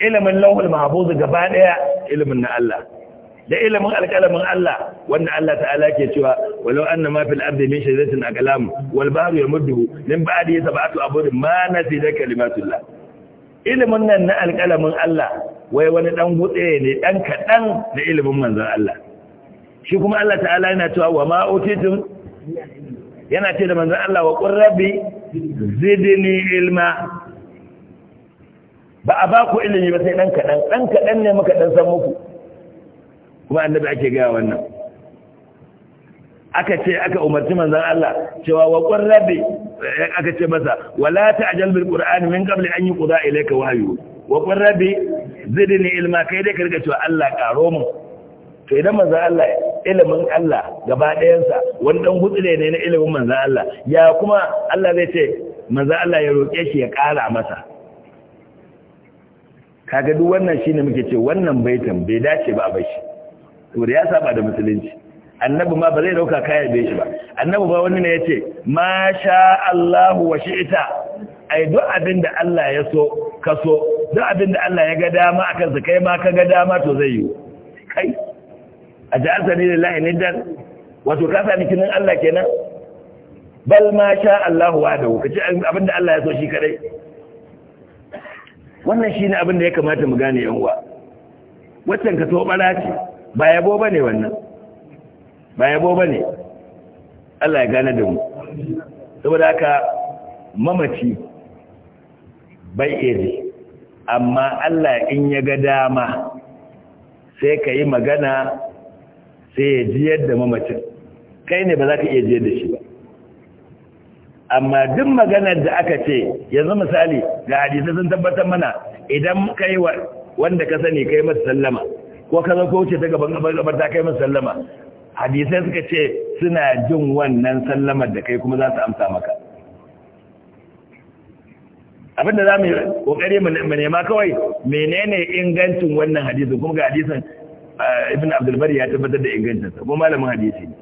Speaker 1: ilimin lauhul mahfuz gaba daya ilimin na Allah da ilimin alƙalamin Allah wanda Allah ta'ala ke cewa walau annama fil ardi min shajaratin aqlam wal bahru yamuddu min ba'di sab'ati abudin ma nasida kalimatullah ilimin nan na alƙalamin Allah wai wani dan gutse ne dan kadan da ilimin manzon Allah shi kuma Allah ta'ala yana cewa wa ma utitum yana ce da manzon Allah wa qur rabbi zidni ilma ba a ba ku ilimi ba sai ɗan kaɗan ɗan kaɗan ne muka ɗan san muku kuma annabi ake gaya wannan aka ce aka umarci manzan Allah cewa wa qurrabi aka ce masa wala ta'jal bil qur'ani min qabli an yuqda ilayka wahyu wa qurrabi zidni ilma kai dai ka riga cewa Allah karo mu to idan manzan Allah ilimin Allah gaba ɗayansa wani dan hutsire ne na ilimin manzan Allah ya kuma Allah zai ce manzan Allah ya roƙe shi ya ƙara masa kaga duk wannan shine muke ce wannan baitan bai dace ba bai shi saboda ya saba da musulunci annabi ma ba zai dauka kayan bai shi ba annabi ba wani ne yace ma sha Allah wa ita? ai duk abin da Allah ya so ka so duk abin da Allah ya ga dama akan sa kai ma ka ga dama to zai yi kai a ja'alta ni lillahi niddan wato ka sani kinin Allah kenan bal ma sha Allah wa da kace abin da Allah ya so shi kadai wannan shi ne abin da ya kamata mu gane yanwa waccan ka tobara ce ba yabo ba ne wannan ba yabo ba ne Allah ya gane da mu saboda haka mamaci bai iri amma Allah in ya ga dama sai ka yi magana sai ya jiyar da mamacin kai ne ba za ka iya jiyar da shi ba amma duk maganar da aka ce yanzu misali ga hadisi sun tabbatar mana idan kai wanda ka sani kai masa sallama ko ka zo ko wuce ta gaban gabar ta kai masa sallama hadisai suka ce suna jin wannan sallamar da kai kuma za su amsa maka abinda za mu yi kokari mu nema kawai menene ingancin wannan hadisin kuma ga hadisin eh, ibn abdulbari ya tabbatar da ingancinsa kuma malamin hadisi ne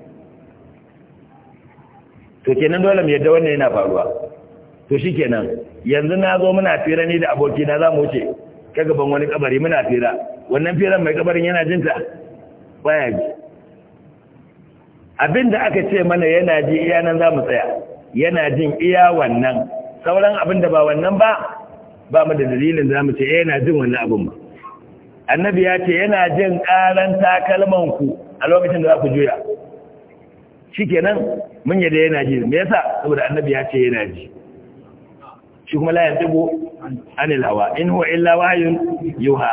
Speaker 1: to kenan dole mu yadda wannan yana faruwa to shikenan yanzu na zo muna fira ne da abokina za mu wuce ka gaban wani kabari muna fira wannan firan mai kabarin yana jinta baya ji abin da aka ce mana yana ji iya nan za mu tsaya yana jin iya wannan sauran abin da ba wannan ba ba mu da dalilin da za mu ce eh, yana jin wannan abun ba annabi ya ce yana jin karanta takalmanku a lokacin da za ku juya shi nan, mun yi da yana ji me yasa saboda annabi ya ce yana ji shi kuma la yantibu anil hawa in huwa illa wahyun yuha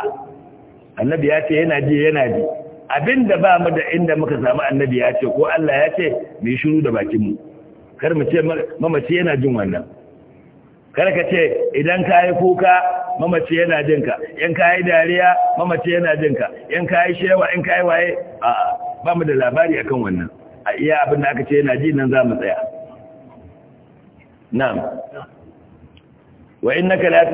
Speaker 1: annabi ya ce yana ji yana ji abinda ba mu da inda muka samu annabi ya ce ko Allah ya ce mu shiru da bakin mu kar mu ce mamaci yana jin wannan kar ka ce idan ka kuka mamaci yana jin ka in ka dariya mamaci yana jin ka in ka shewa in ka waye a'a ba mu da labari akan wannan a iya abin da aka ce yana ji nan za mu tsaya na'am wa innaka la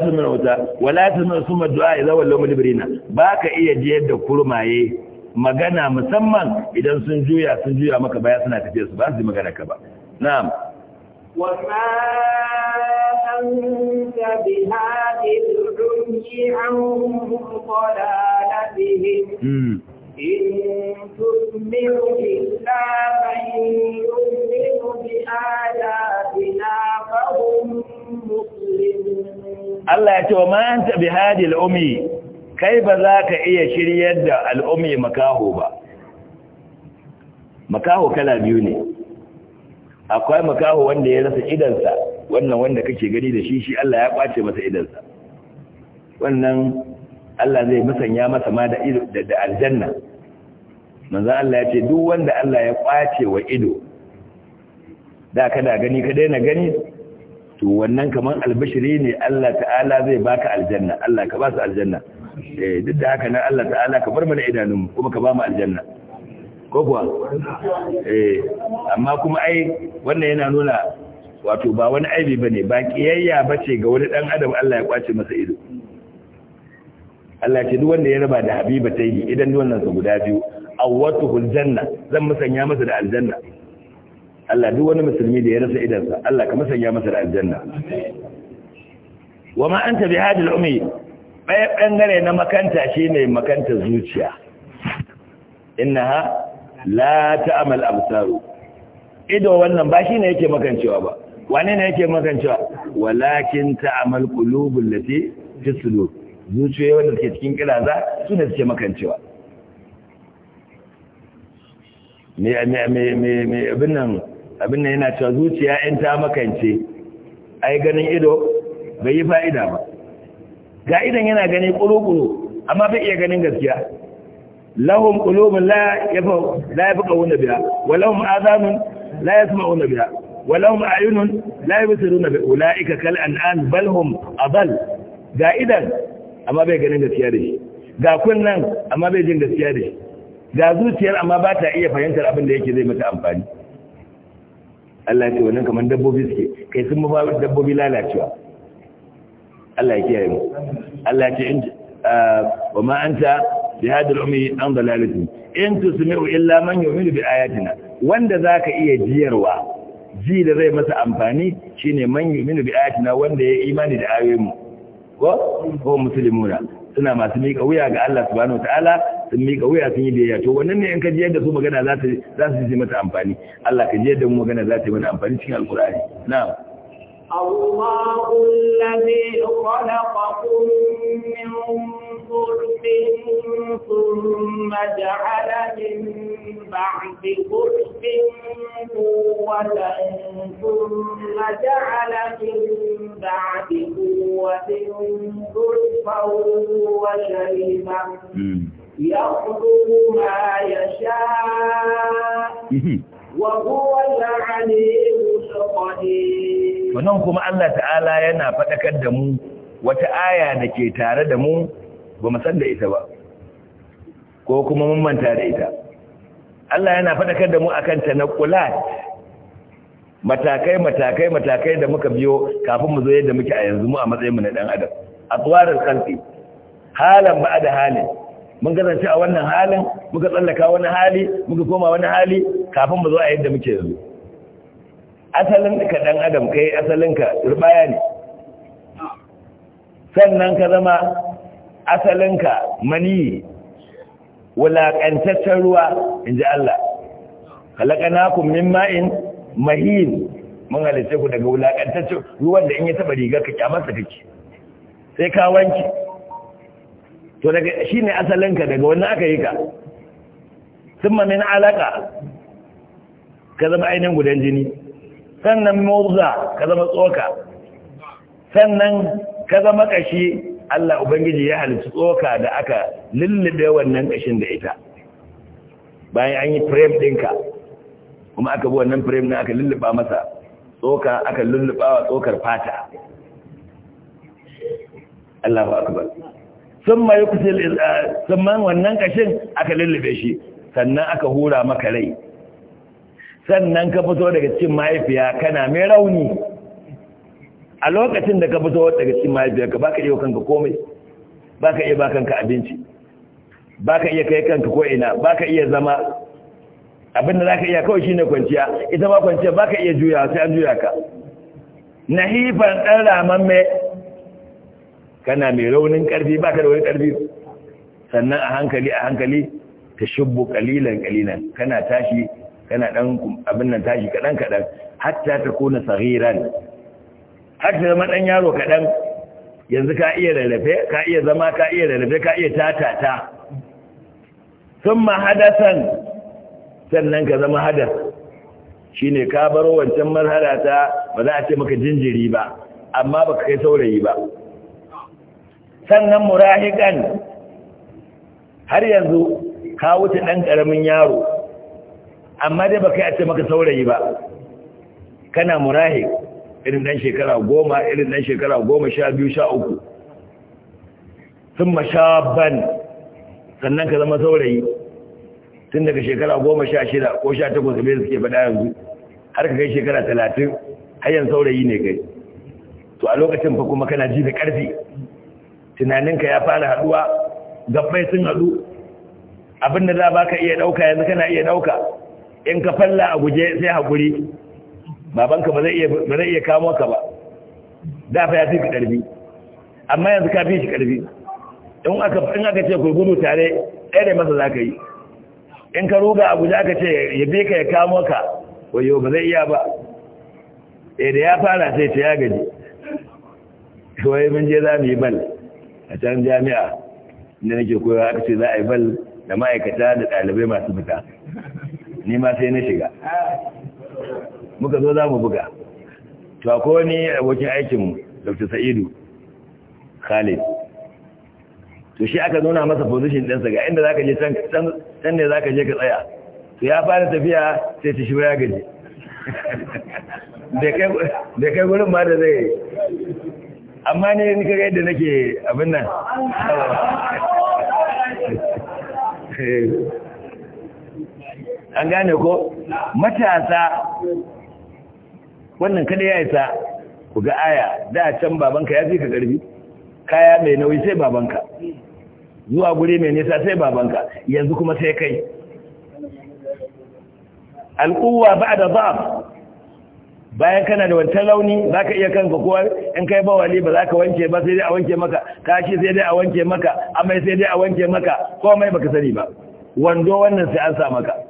Speaker 1: tusmi'u wuta wa la tusmi'u summa du'a idza wallaw mudbirina baka iya jiyar da kurmaye magana musamman idan sun juya sun juya maka baya suna tafiya su ba su magana ka ba na'am
Speaker 3: wa ma anta ummi qala Allah
Speaker 1: ya ce wa ma'anta bi hadi al’ummi, kai ba za ka iya shiryar da al’ummi makaho ba. Makaho kala biyu ne, akwai makaho wanda ya rasa idansa, wannan wanda kake gani da shi shi Allah ya kwace masa idansa. Wannan Allah zai musanya masa ma da ido da aljanna manzo Allah ya ce duk wanda Allah ya kwace wa ido da kada gani ka daina gani to wannan kaman albashiri ne Allah ta'ala zai baka aljanna Allah ka ba su aljanna eh duk da haka nan Allah ta'ala ka bar mana idanun kuma ka ba mu aljanna ko kuwa eh amma kuma ai wannan yana nuna wato ba wani aibi bane ba kiyayya bace ga wani dan adam Allah ya kwace masa ido Allah ce duk wanda ya raba da habiba ta yi idan duk wannan su guda biyu awwatuhul janna zan musanya masa da aljanna Allah duk wani musulmi da ya rasa sa, Allah ka musanya masa da aljanna wa ma anta bi hadil ummi bangare na makanta shine makanta zuciya innaha la ta'mal absaru ido wannan ba shine yake makancewa ba wane ne yake makancewa walakin ta'mal qulubul lati fi sudur zuciyoyi wanda suke cikin kiraza su ne suke makancewa Me abin nan abin nan yana cewa zuciya in ta makance ai ganin ido bai yi fa'ida ba ga idan yana gani ƙuruƙuru amma bai iya ganin gaskiya lahum qulubun la yafu la yafqahuna biha wa lahum adhanun la yasma'una biha wa lahum a'yunun la yubsiruna bi ulaika kal an'am bal hum adall ga idan amma bai ganin gaskiya da shi ga kunnan amma bai jin gaskiya da shi ga zuciyar amma ba ta iya fahimtar abin da yake zai mata amfani Allah ce wannan kamar dabbobi suke kai sun mafa dabbobi lalacewa Allah ya kiyaye mu Allah ce in ah, wa ma anta bi al-umi an dalalati in tusmi'u illa man yu'minu bi ayatina wanda zaka iya jiyarwa ji da zai masa amfani shine man yu'minu bi ayatina wanda ya imani da ayoyin mu ko ko musulmuna suna masu mika wuya ga Allah subhanahu wataala sun mika wuya sun yi biyayya to wannan ne in ka jiyar da su magana za su za su yi mata amfani Allah ka jiyar da mu magana
Speaker 2: za ta yi mana amfani cikin alkur'ani na'am
Speaker 3: Allahu allazi khalaqakum min ثم جعل من بعد كتب قوة ثم جعل من بعد قوة ما يشاء
Speaker 1: Wannan kuma Allah ta'ala yana faɗakar da mu wata aya da ke tare da mu ba mu san da ita ba ko kuma mun manta da ita Allah yana faɗakar da mu akan tanqulat matakai matakai matakai da muka biyo kafin mu zo yadda muke a yanzu mu a matsayin mu na dan adam atwarul qalbi halan ba'da halin mun kasance a wannan halin muka tsallaka wani hali muka koma wani hali kafin mu zo a yadda muke yanzu asalin ka dan adam kai asalin ka turbaya ne sannan ka zama asalinka mani wulaƙantaccen ruwa in ji Allah ku min ma'in mahin mun halice ku daga wulaƙantaccen ruwan da in yi taɓa rigar ka kyamarsa kake sai ka wanke to daga shi ne asalinka daga wannan aka yi ka sun mamin alaka ka zama ainihin gudan jini sannan motsa ka zama tsoka sannan ka zama ƙashi Allah Ubangiji ya halitta tsoka da aka lullube wannan kashin da ita bayan an yi frame ɗinka kuma aka bi wannan frame na aka lulluba masa tsoka aka lulluba wa tsokar fata Allahu akbar sun ma yi kusil eh, ma wannan kashin aka lullube shi sannan aka hura maka rai sannan ka fito daga cikin mahaifiya kana mai rauni a lokacin da ka fito daga cikin mahaifiyarka ba ka iya kanka komai ba ka iya ba kanka abinci ba ka iya kai kanka ko ina ba ka iya zama abinda za ka iya kawai shi ne kwanciya ita ba kwanciya ba ka iya juya sai an juya ka nahifan ɗan raman mai kana mai raunin ƙarfi ba ka da wani ƙarfi sannan a hankali a hankali ta shubbu ƙalilan ƙalilan kana tashi kana ɗan abin nan tashi kaɗan kaɗan hatta ta kona sahiran har ta zama ɗan yaro kaɗan yanzu ka iya rarrafe ka iya zama ka iya rarrafe ka iya tatata sun ma hadasan sannan ka zama hadas shi ne ka baro wancan marhala ta ba za a ce maka jinjiri ba amma ba kai saurayi ba sannan murahikan har yanzu ka wuce ɗan ƙaramin yaro amma dai ba kai a ce maka saurayi ba kana murahik irin dan shekara goma irin dan shekara goma sha biyu sha uku sun mashaban sannan ka zama saurayi tun daga shekara goma sha shida ko sha takwas mai suke faɗa yanzu har ka kai shekara talatin hayan saurayi ne kai to a lokacin fa kuma kana ji da ƙarfi tunaninka ya fara haɗuwa gabbai sun haɗu abinda za ba ka iya ɗauka yanzu kana iya ɗauka in ka falla a guje sai haƙuri babanka ba zai iya kamo ka ba da fa ya fi ƙarfi. amma yanzu ka fi shi ƙarfi. in aka ce ku gudu tare ɗaya da masa za ka yi in ka ruga abu za ka ce ya bi ka ya kamo ka wayo ba zai iya ba e da ya fara sai ta ya gaji kawai mun je za mu yi bal a can jami'a inda nake koyawa aka ce za a yi bal da ma'aikata da ɗalibai masu fita ni ma sai na shiga muka zo za mu buga to akwai wani abokin aikinmu dr sa'idu khalid to shi aka nuna masa position ɗinsa ga inda za ka je can ne za ka je ka tsaya to ya fara tafiya sai ta shiwa ya gaji da kai gurin ma da zai amma ne ni kaga yadda nake abin nan
Speaker 2: [LAUGHS]
Speaker 1: eh. an gane ko matasa wannan kada ya isa ku ga aya da can babanka ya fi ka ƙarfi? kaya mai nauyi sai babanka zuwa guri mai nisa sai babanka yanzu kuma sai kai al'uwa ba da ba bayan kana da wancan launi za ka iya kanka kowa in kai bawali ba za ka wanke ba sai dai a wanke maka kashi sai dai a wanke maka amai sai dai a wanke maka komai baka sani ba wando wannan sai an sa maka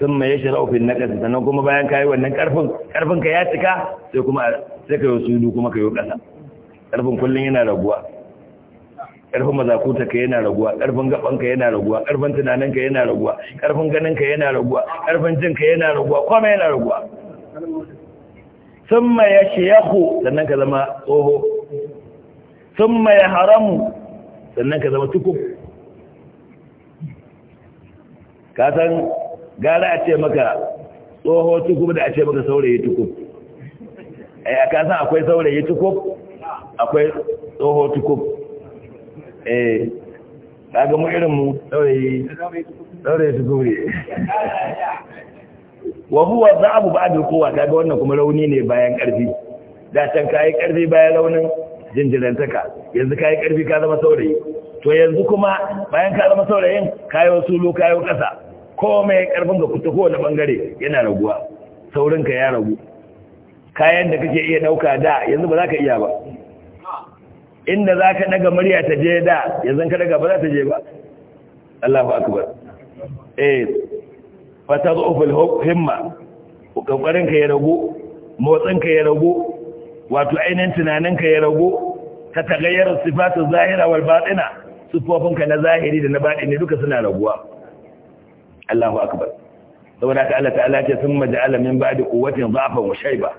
Speaker 1: sun mai yashi ra'ufin na ƙasa sannan kuma bayan kayi wannan ƙarfin ƙarfin ka ya cika sai kuma sai ka yi sudu kuma ka yi ƙasa ƙarfin kullum yana raguwa ƙarfin mazakuta ka yana raguwa ƙarfin gaban ka yana raguwa ƙarfin tunanin ka yana raguwa ƙarfin ganin ka yana raguwa ƙarfin jin ka yana raguwa kuma yana raguwa sun mai yashi yahu sannan ka zama tsoho sun mai haramu sannan ka zama tukun ka san gara a ce maka tsoho tukub da a ce maka saurayi tukub eh, a yaka kasan akwai saurayi tukub akwai tsoho tukub eh daga mu irin mu saurayi saurayi tukub ne wa huwa za'abu ba'da kowa ga wannan kuma rauni ne bayan karfi da can kai karfi bayan raunin jinjirantaka yanzu kayi karfi ka zama saurayi to yanzu kuma bayan ka zama saurayin kayo sulu kayo kasa komai karfin ka fita kowane bangare yana raguwa saurinka ya ragu kayan da kake iya dauka da yanzu ba za ka iya ba inda za ka daga murya ta je da yanzu ka daga ba za ta je ba Allahu akbar eh fata zuuful himma kokarin ka ya ragu motsin ka ya ragu wato ainihin tunanin ka ya ragu ta tagayyar sifatu zahira wal batina sufofin ka na zahiri da na batini duka suna raguwa Allahu akbar saboda haka Allah ta'ala ce sun maja'ala min ba'di quwwatin dha'fan wa shayba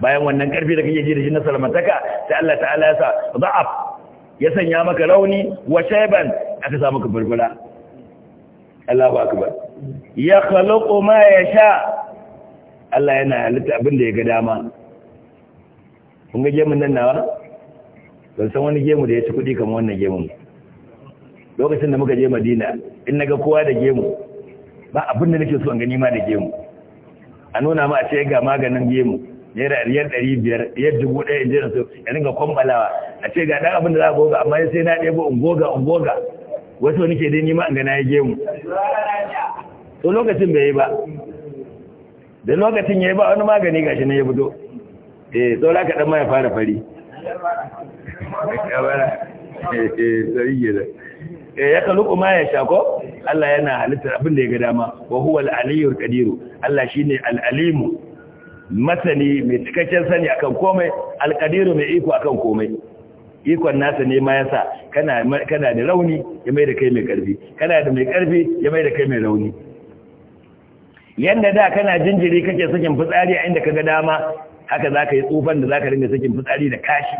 Speaker 1: bayan wannan karfi da kake ji da shi na salmataka sai Allah ta'ala ya sa dha'af ya sanya maka rauni wa shayban aka sa maka burbura Allahu akbar ya khalaqu ma yasha Allah yana halitta abin da ya ga dama kun ga gemun nan nawa ban san wani gemu da ya ci kuɗi kamar wannan gemun lokacin da muka je Madina in naga kowa da gemu ba abin da nake so an gani ma da gemu a nuna ma a ce ga maganin gemu naira riyar ɗari biyar riyar dubu ɗaya in je so. su ya ringa kwambalawa a ce ga ɗan abin da za a goga amma sai na ɗebo in goga in goga wasu nake dai nima in gana ya gemu to lokacin bai yi ba da lokacin ya yi ba wani magani gashi ne ya fito eh la ka dan ma ya fara fari ya kalu eh, eh, kuma eh, ya shako Allah yana halittar abin da ya ga dama wa huwa al-aliyyul qadir Allah shine al-alimu masani mai cikakken sani akan komai al qadiru mai iko akan komai ikon nasa ne ma yasa kana kana da rauni ya mai da kai mai karfi kana da mai karfi ya mai da kai mai rauni yanda da kana jinjiri kake sakin fitsari a inda ga dama haka zaka yi tsufan da zaka ringa sakin fitsari da kashi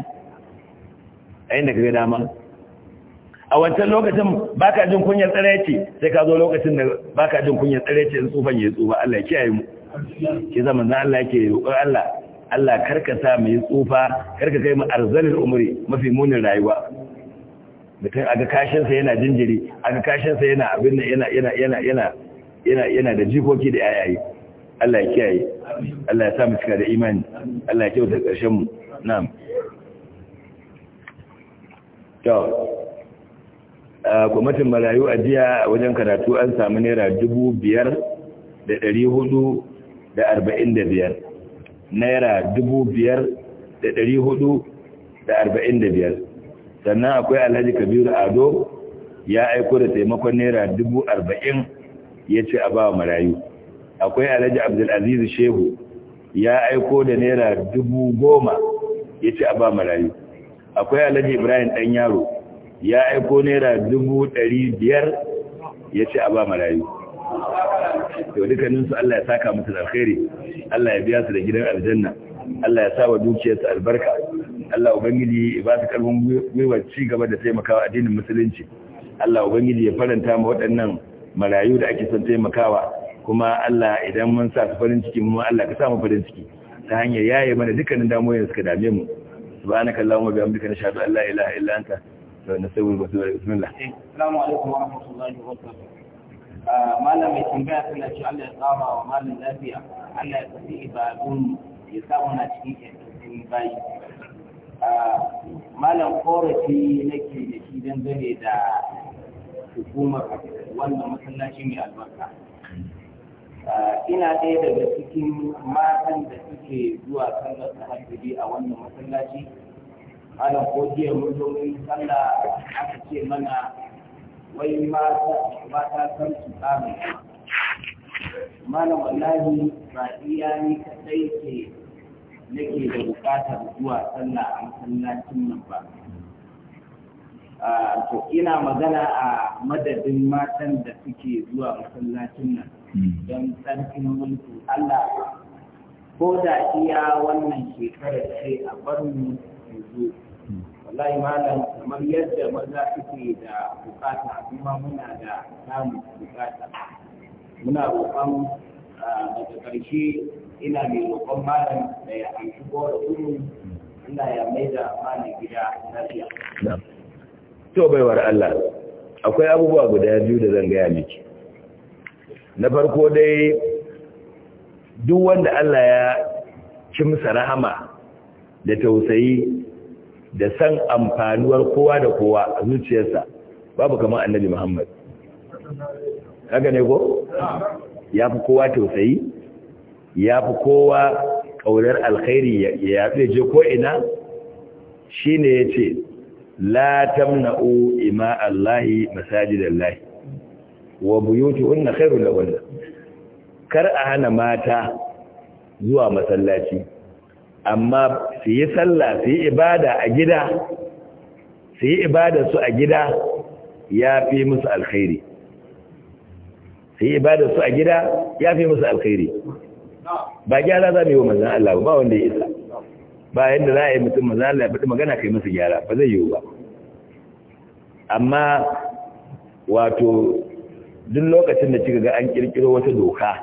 Speaker 1: a inda kaga dama a wancan lokacin baka jin kunyar ce, sai ka zo lokacin da baka jin kunyar ce in tsufan ya tsufa Allah ya kiyaye mu ki zama na Allah yake roƙon Allah Allah karka sa mu yi tsufa karka kai mu arzalin umri mafi munin rayuwa mutum aga kashin sa yana jinjiri aga kashin sa yana abin da yana yana yana yana yana yana da jikoki da yayaye Allah ya kiyaye Allah ya sa mu cika da imani Allah ya kyauta ƙarshen mu na'am to kwamitin marayu a jiya wajen karatu an samu naira dubu biyar da dari hudu da arba'in da biyar naira dubu biyar da dari hudu da arba'in da biyar sannan akwai alhaji kabiru ado ya aiko da taimakon naira dubu arba'in ya ce a ba marayu akwai alhaji abdulaziz shehu ya aiko da naira dubu goma ya ce a ba marayu akwai alhaji ibrahim dan yaro ya aiko naira dubu ɗari biyar ya ce a ba marayu yau dukkaninsu Allah ya saka mutu alkhairi Allah ya biya su da gidan aljanna Allah ya saba dukiyarsu albarka Allah ubangiji ya ba su karfin gwiwa ci gaba da taimakawa addinin musulunci Allah ubangiji ya faranta ma waɗannan marayu da ake son taimakawa kuma Allah idan mun sa su farin ciki mu Allah ka sa mu farin ciki ta hanyar yaye mana dukkanin damuwoyin suka dame mu subhanakallahumma wa bihamdika nashhadu an la ilaha illa anta بسم eh, ah,
Speaker 2: malam Allah ya tsara wa malam lafiya Allah ya ya samu na cikin ah, malam nake da shi zane da hukumar wannan masallaci mai albarka ah, ina ɗaya daga cikin matan da suke zuwa sallar tahajjudi a wannan masallaci malam ko jiya mun zo sallah aka ce mana wai mata ta san su kame malam wallahi ba iya ni kadai ke nake da bukatar zuwa sallah a masallacin nan ba to ina magana a madadin matan da suke zuwa masallacin nan hmm. don sarkin mulki Allah ko da iya wannan shekarar sai a bar mu yanzu wallahi malam kamar yadda maza suke da bukata kuma muna da samun bukata muna roƙon daga ƙarshe ina mai roƙon malam da ya amshi da kudu Allah ya mai da malam gida lafiya.
Speaker 1: To baiwar Allah, akwai abubuwa guda biyu da zan gaya miki. Na farko dai duk wanda Allah ya cimsa rahama da tausayi da san amfanuwar kowa da kowa a zuciyarsa babu kamar annabi Muhammad haka ne ko ya fi kowa tausayi ya fi kowa ƙaunar alkhairi ya yafi je ko ina shine yace la tamna'u ima Allahi masajidallahi wa buyutuhunna khairul lawalla kar a hana mata zuwa masallaci amma su yi sallah su yi ibada a gida su yi ibadarsu a gida ya fi musu alkhairi su yi ibadarsu a gida ya fi musu alkhairi ba gyara za mu yi wa mazan Allah ba wanda ya isa ba yadda za a yi mutum mazan Allah ya magana kai musu gyara ba zai yiwu ba amma wato duk lokacin da kika ga an kirkiro wata doka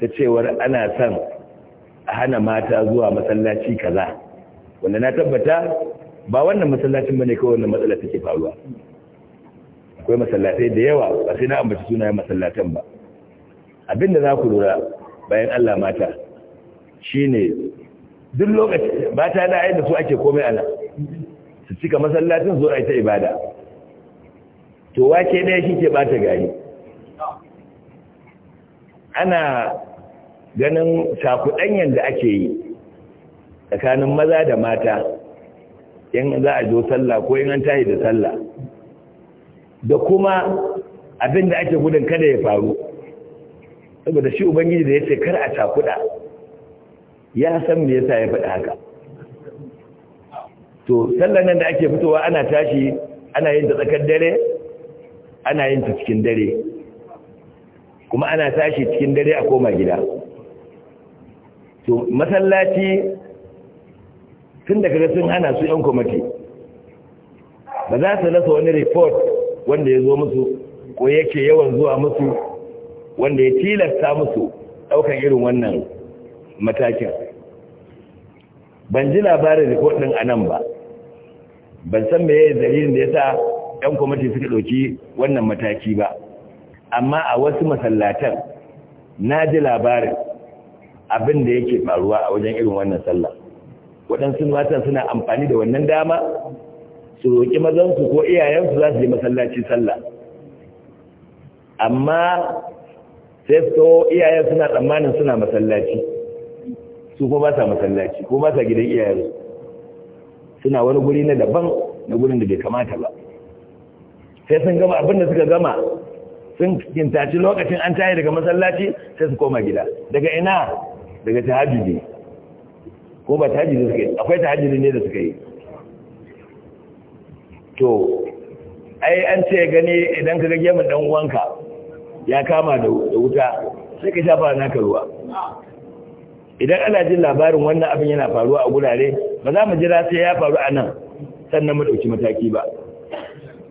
Speaker 1: ta cewar ana son hana mata zuwa masallaci kaza wanda na tabbata ba wannan masallacin bane kawai wannan matsala take faruwa akwai masallatai da yawa ba sai na ambaci sunayen masallatan ba abinda za ku lura bayan Allah mata shine duk lokaci ba ta da ayyuka su ake komai ana su cika masallacin zo ita ta ibada to wake ɗaya shi ke bata gari ana ganin ɗan da ake yi tsakanin maza da mata in za a zo sallah ko in an tahi da sallah da kuma abin da ake gudun kada ya faru saboda shi ubangiji da ya ce kar a ɗa, ya san me yasa ya faɗi haka to sallar nan da ake fitowa ana tashi ana yin ta tsakar dare ana yin ta cikin dare kuma ana tashi cikin dare a koma gida to masallaci tun da kaga sun hana su 'yan kwamati ba za su rasa wani report wanda ya zo musu ko yake yawan zuwa musu wanda ya tilasta musu daukan irin wannan matakin ban ji labarin report din anan ba ban san me yayin dalilin da yasa 'yan kwamati suka dauki wannan mataki ba amma a wasu masallatan na ji labarin abin da yake faruwa a wajen irin wannan sallah waɗansu matan suna amfani da wannan dama su roƙi mazansu ko iyayensu za su yi masallaci sallah amma sai su so iyayen suna tsammanin suna masallaci su ko ba sa masallaci ko ba sa gidan iyayensu suna wani guri na daban na gurin da bai kamata ba sai sun gama abin da suka gama sun kintaci lokacin an tayi daga masallaci sai su koma gida daga ina daga tahajjudi ko ba tahajjudi suka yi akwai tahajjudi ne da suka yi to ai an ce gani idan ka gage min dan uwanka ya kama da wuta sai ka shafa naka ruwa idan ana jin labarin wannan abin yana faruwa a gurare ba za mu jira sai ya faru a nan sannan mu dauki mataki ba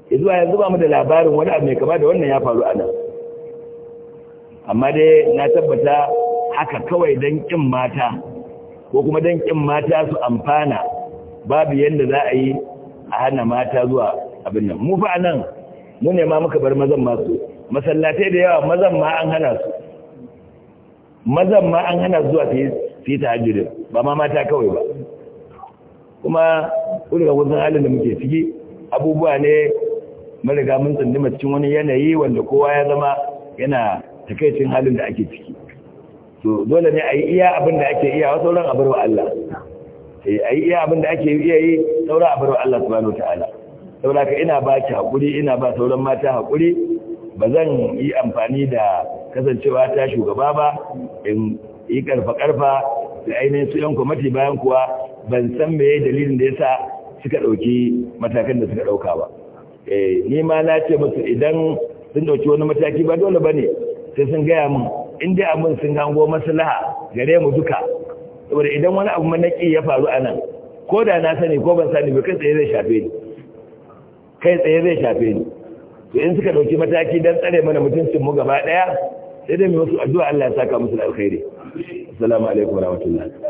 Speaker 1: zuwa yanzu ba mu da labarin wani abu mai kama da wannan ya faru a nan amma dai na tabbata haka kawai don ƙin mata ko kuma don ƙin mata su amfana babu yadda za a yi a hana mata zuwa abin nan mu fa nan mu ne ma muka bar mazan masu masallatai da yawa mazan ma an hana su mazan ma an hana zuwa su ta tahajjudin ba ma mata kawai ba kuma ƙulga kusan halin da muke ciki abubuwa ne mariga mun cikin wani yanayi wanda kowa ya zama yana takaicin halin da ake ciki to dole ne a yi iya abin da ake iya sauran a Allah eh, a yi iya abin ake iya yi sauran a Allah subhanahu ta'ala saboda ka ina ba ki haƙuri ina ba sauran mata haƙuri ba zan yi amfani da kasancewa ta shugaba ba in yi karfa-karfa da ainihin su yan kwamati bayan kuwa ban san me dalilin da ya sa suka ɗauki matakan da suka ɗauka ba eh, ni ma na ce musu idan sun ɗauki wani mataki ba dole ba ne sai sun gaya min inda abin sun hango maslaha gare mu duka saboda idan wani abu manaki ya faru a nan ko da na sani ko ban sani ba kai tsaye zai shafe ni kai tsaye zai shafe ni to in suka dauki mataki dan tsare mana mutuncin mu gaba daya sai dai mu wasu addu'a Allah ya saka musu alkhairi
Speaker 2: assalamu alaikum wa warahmatullahi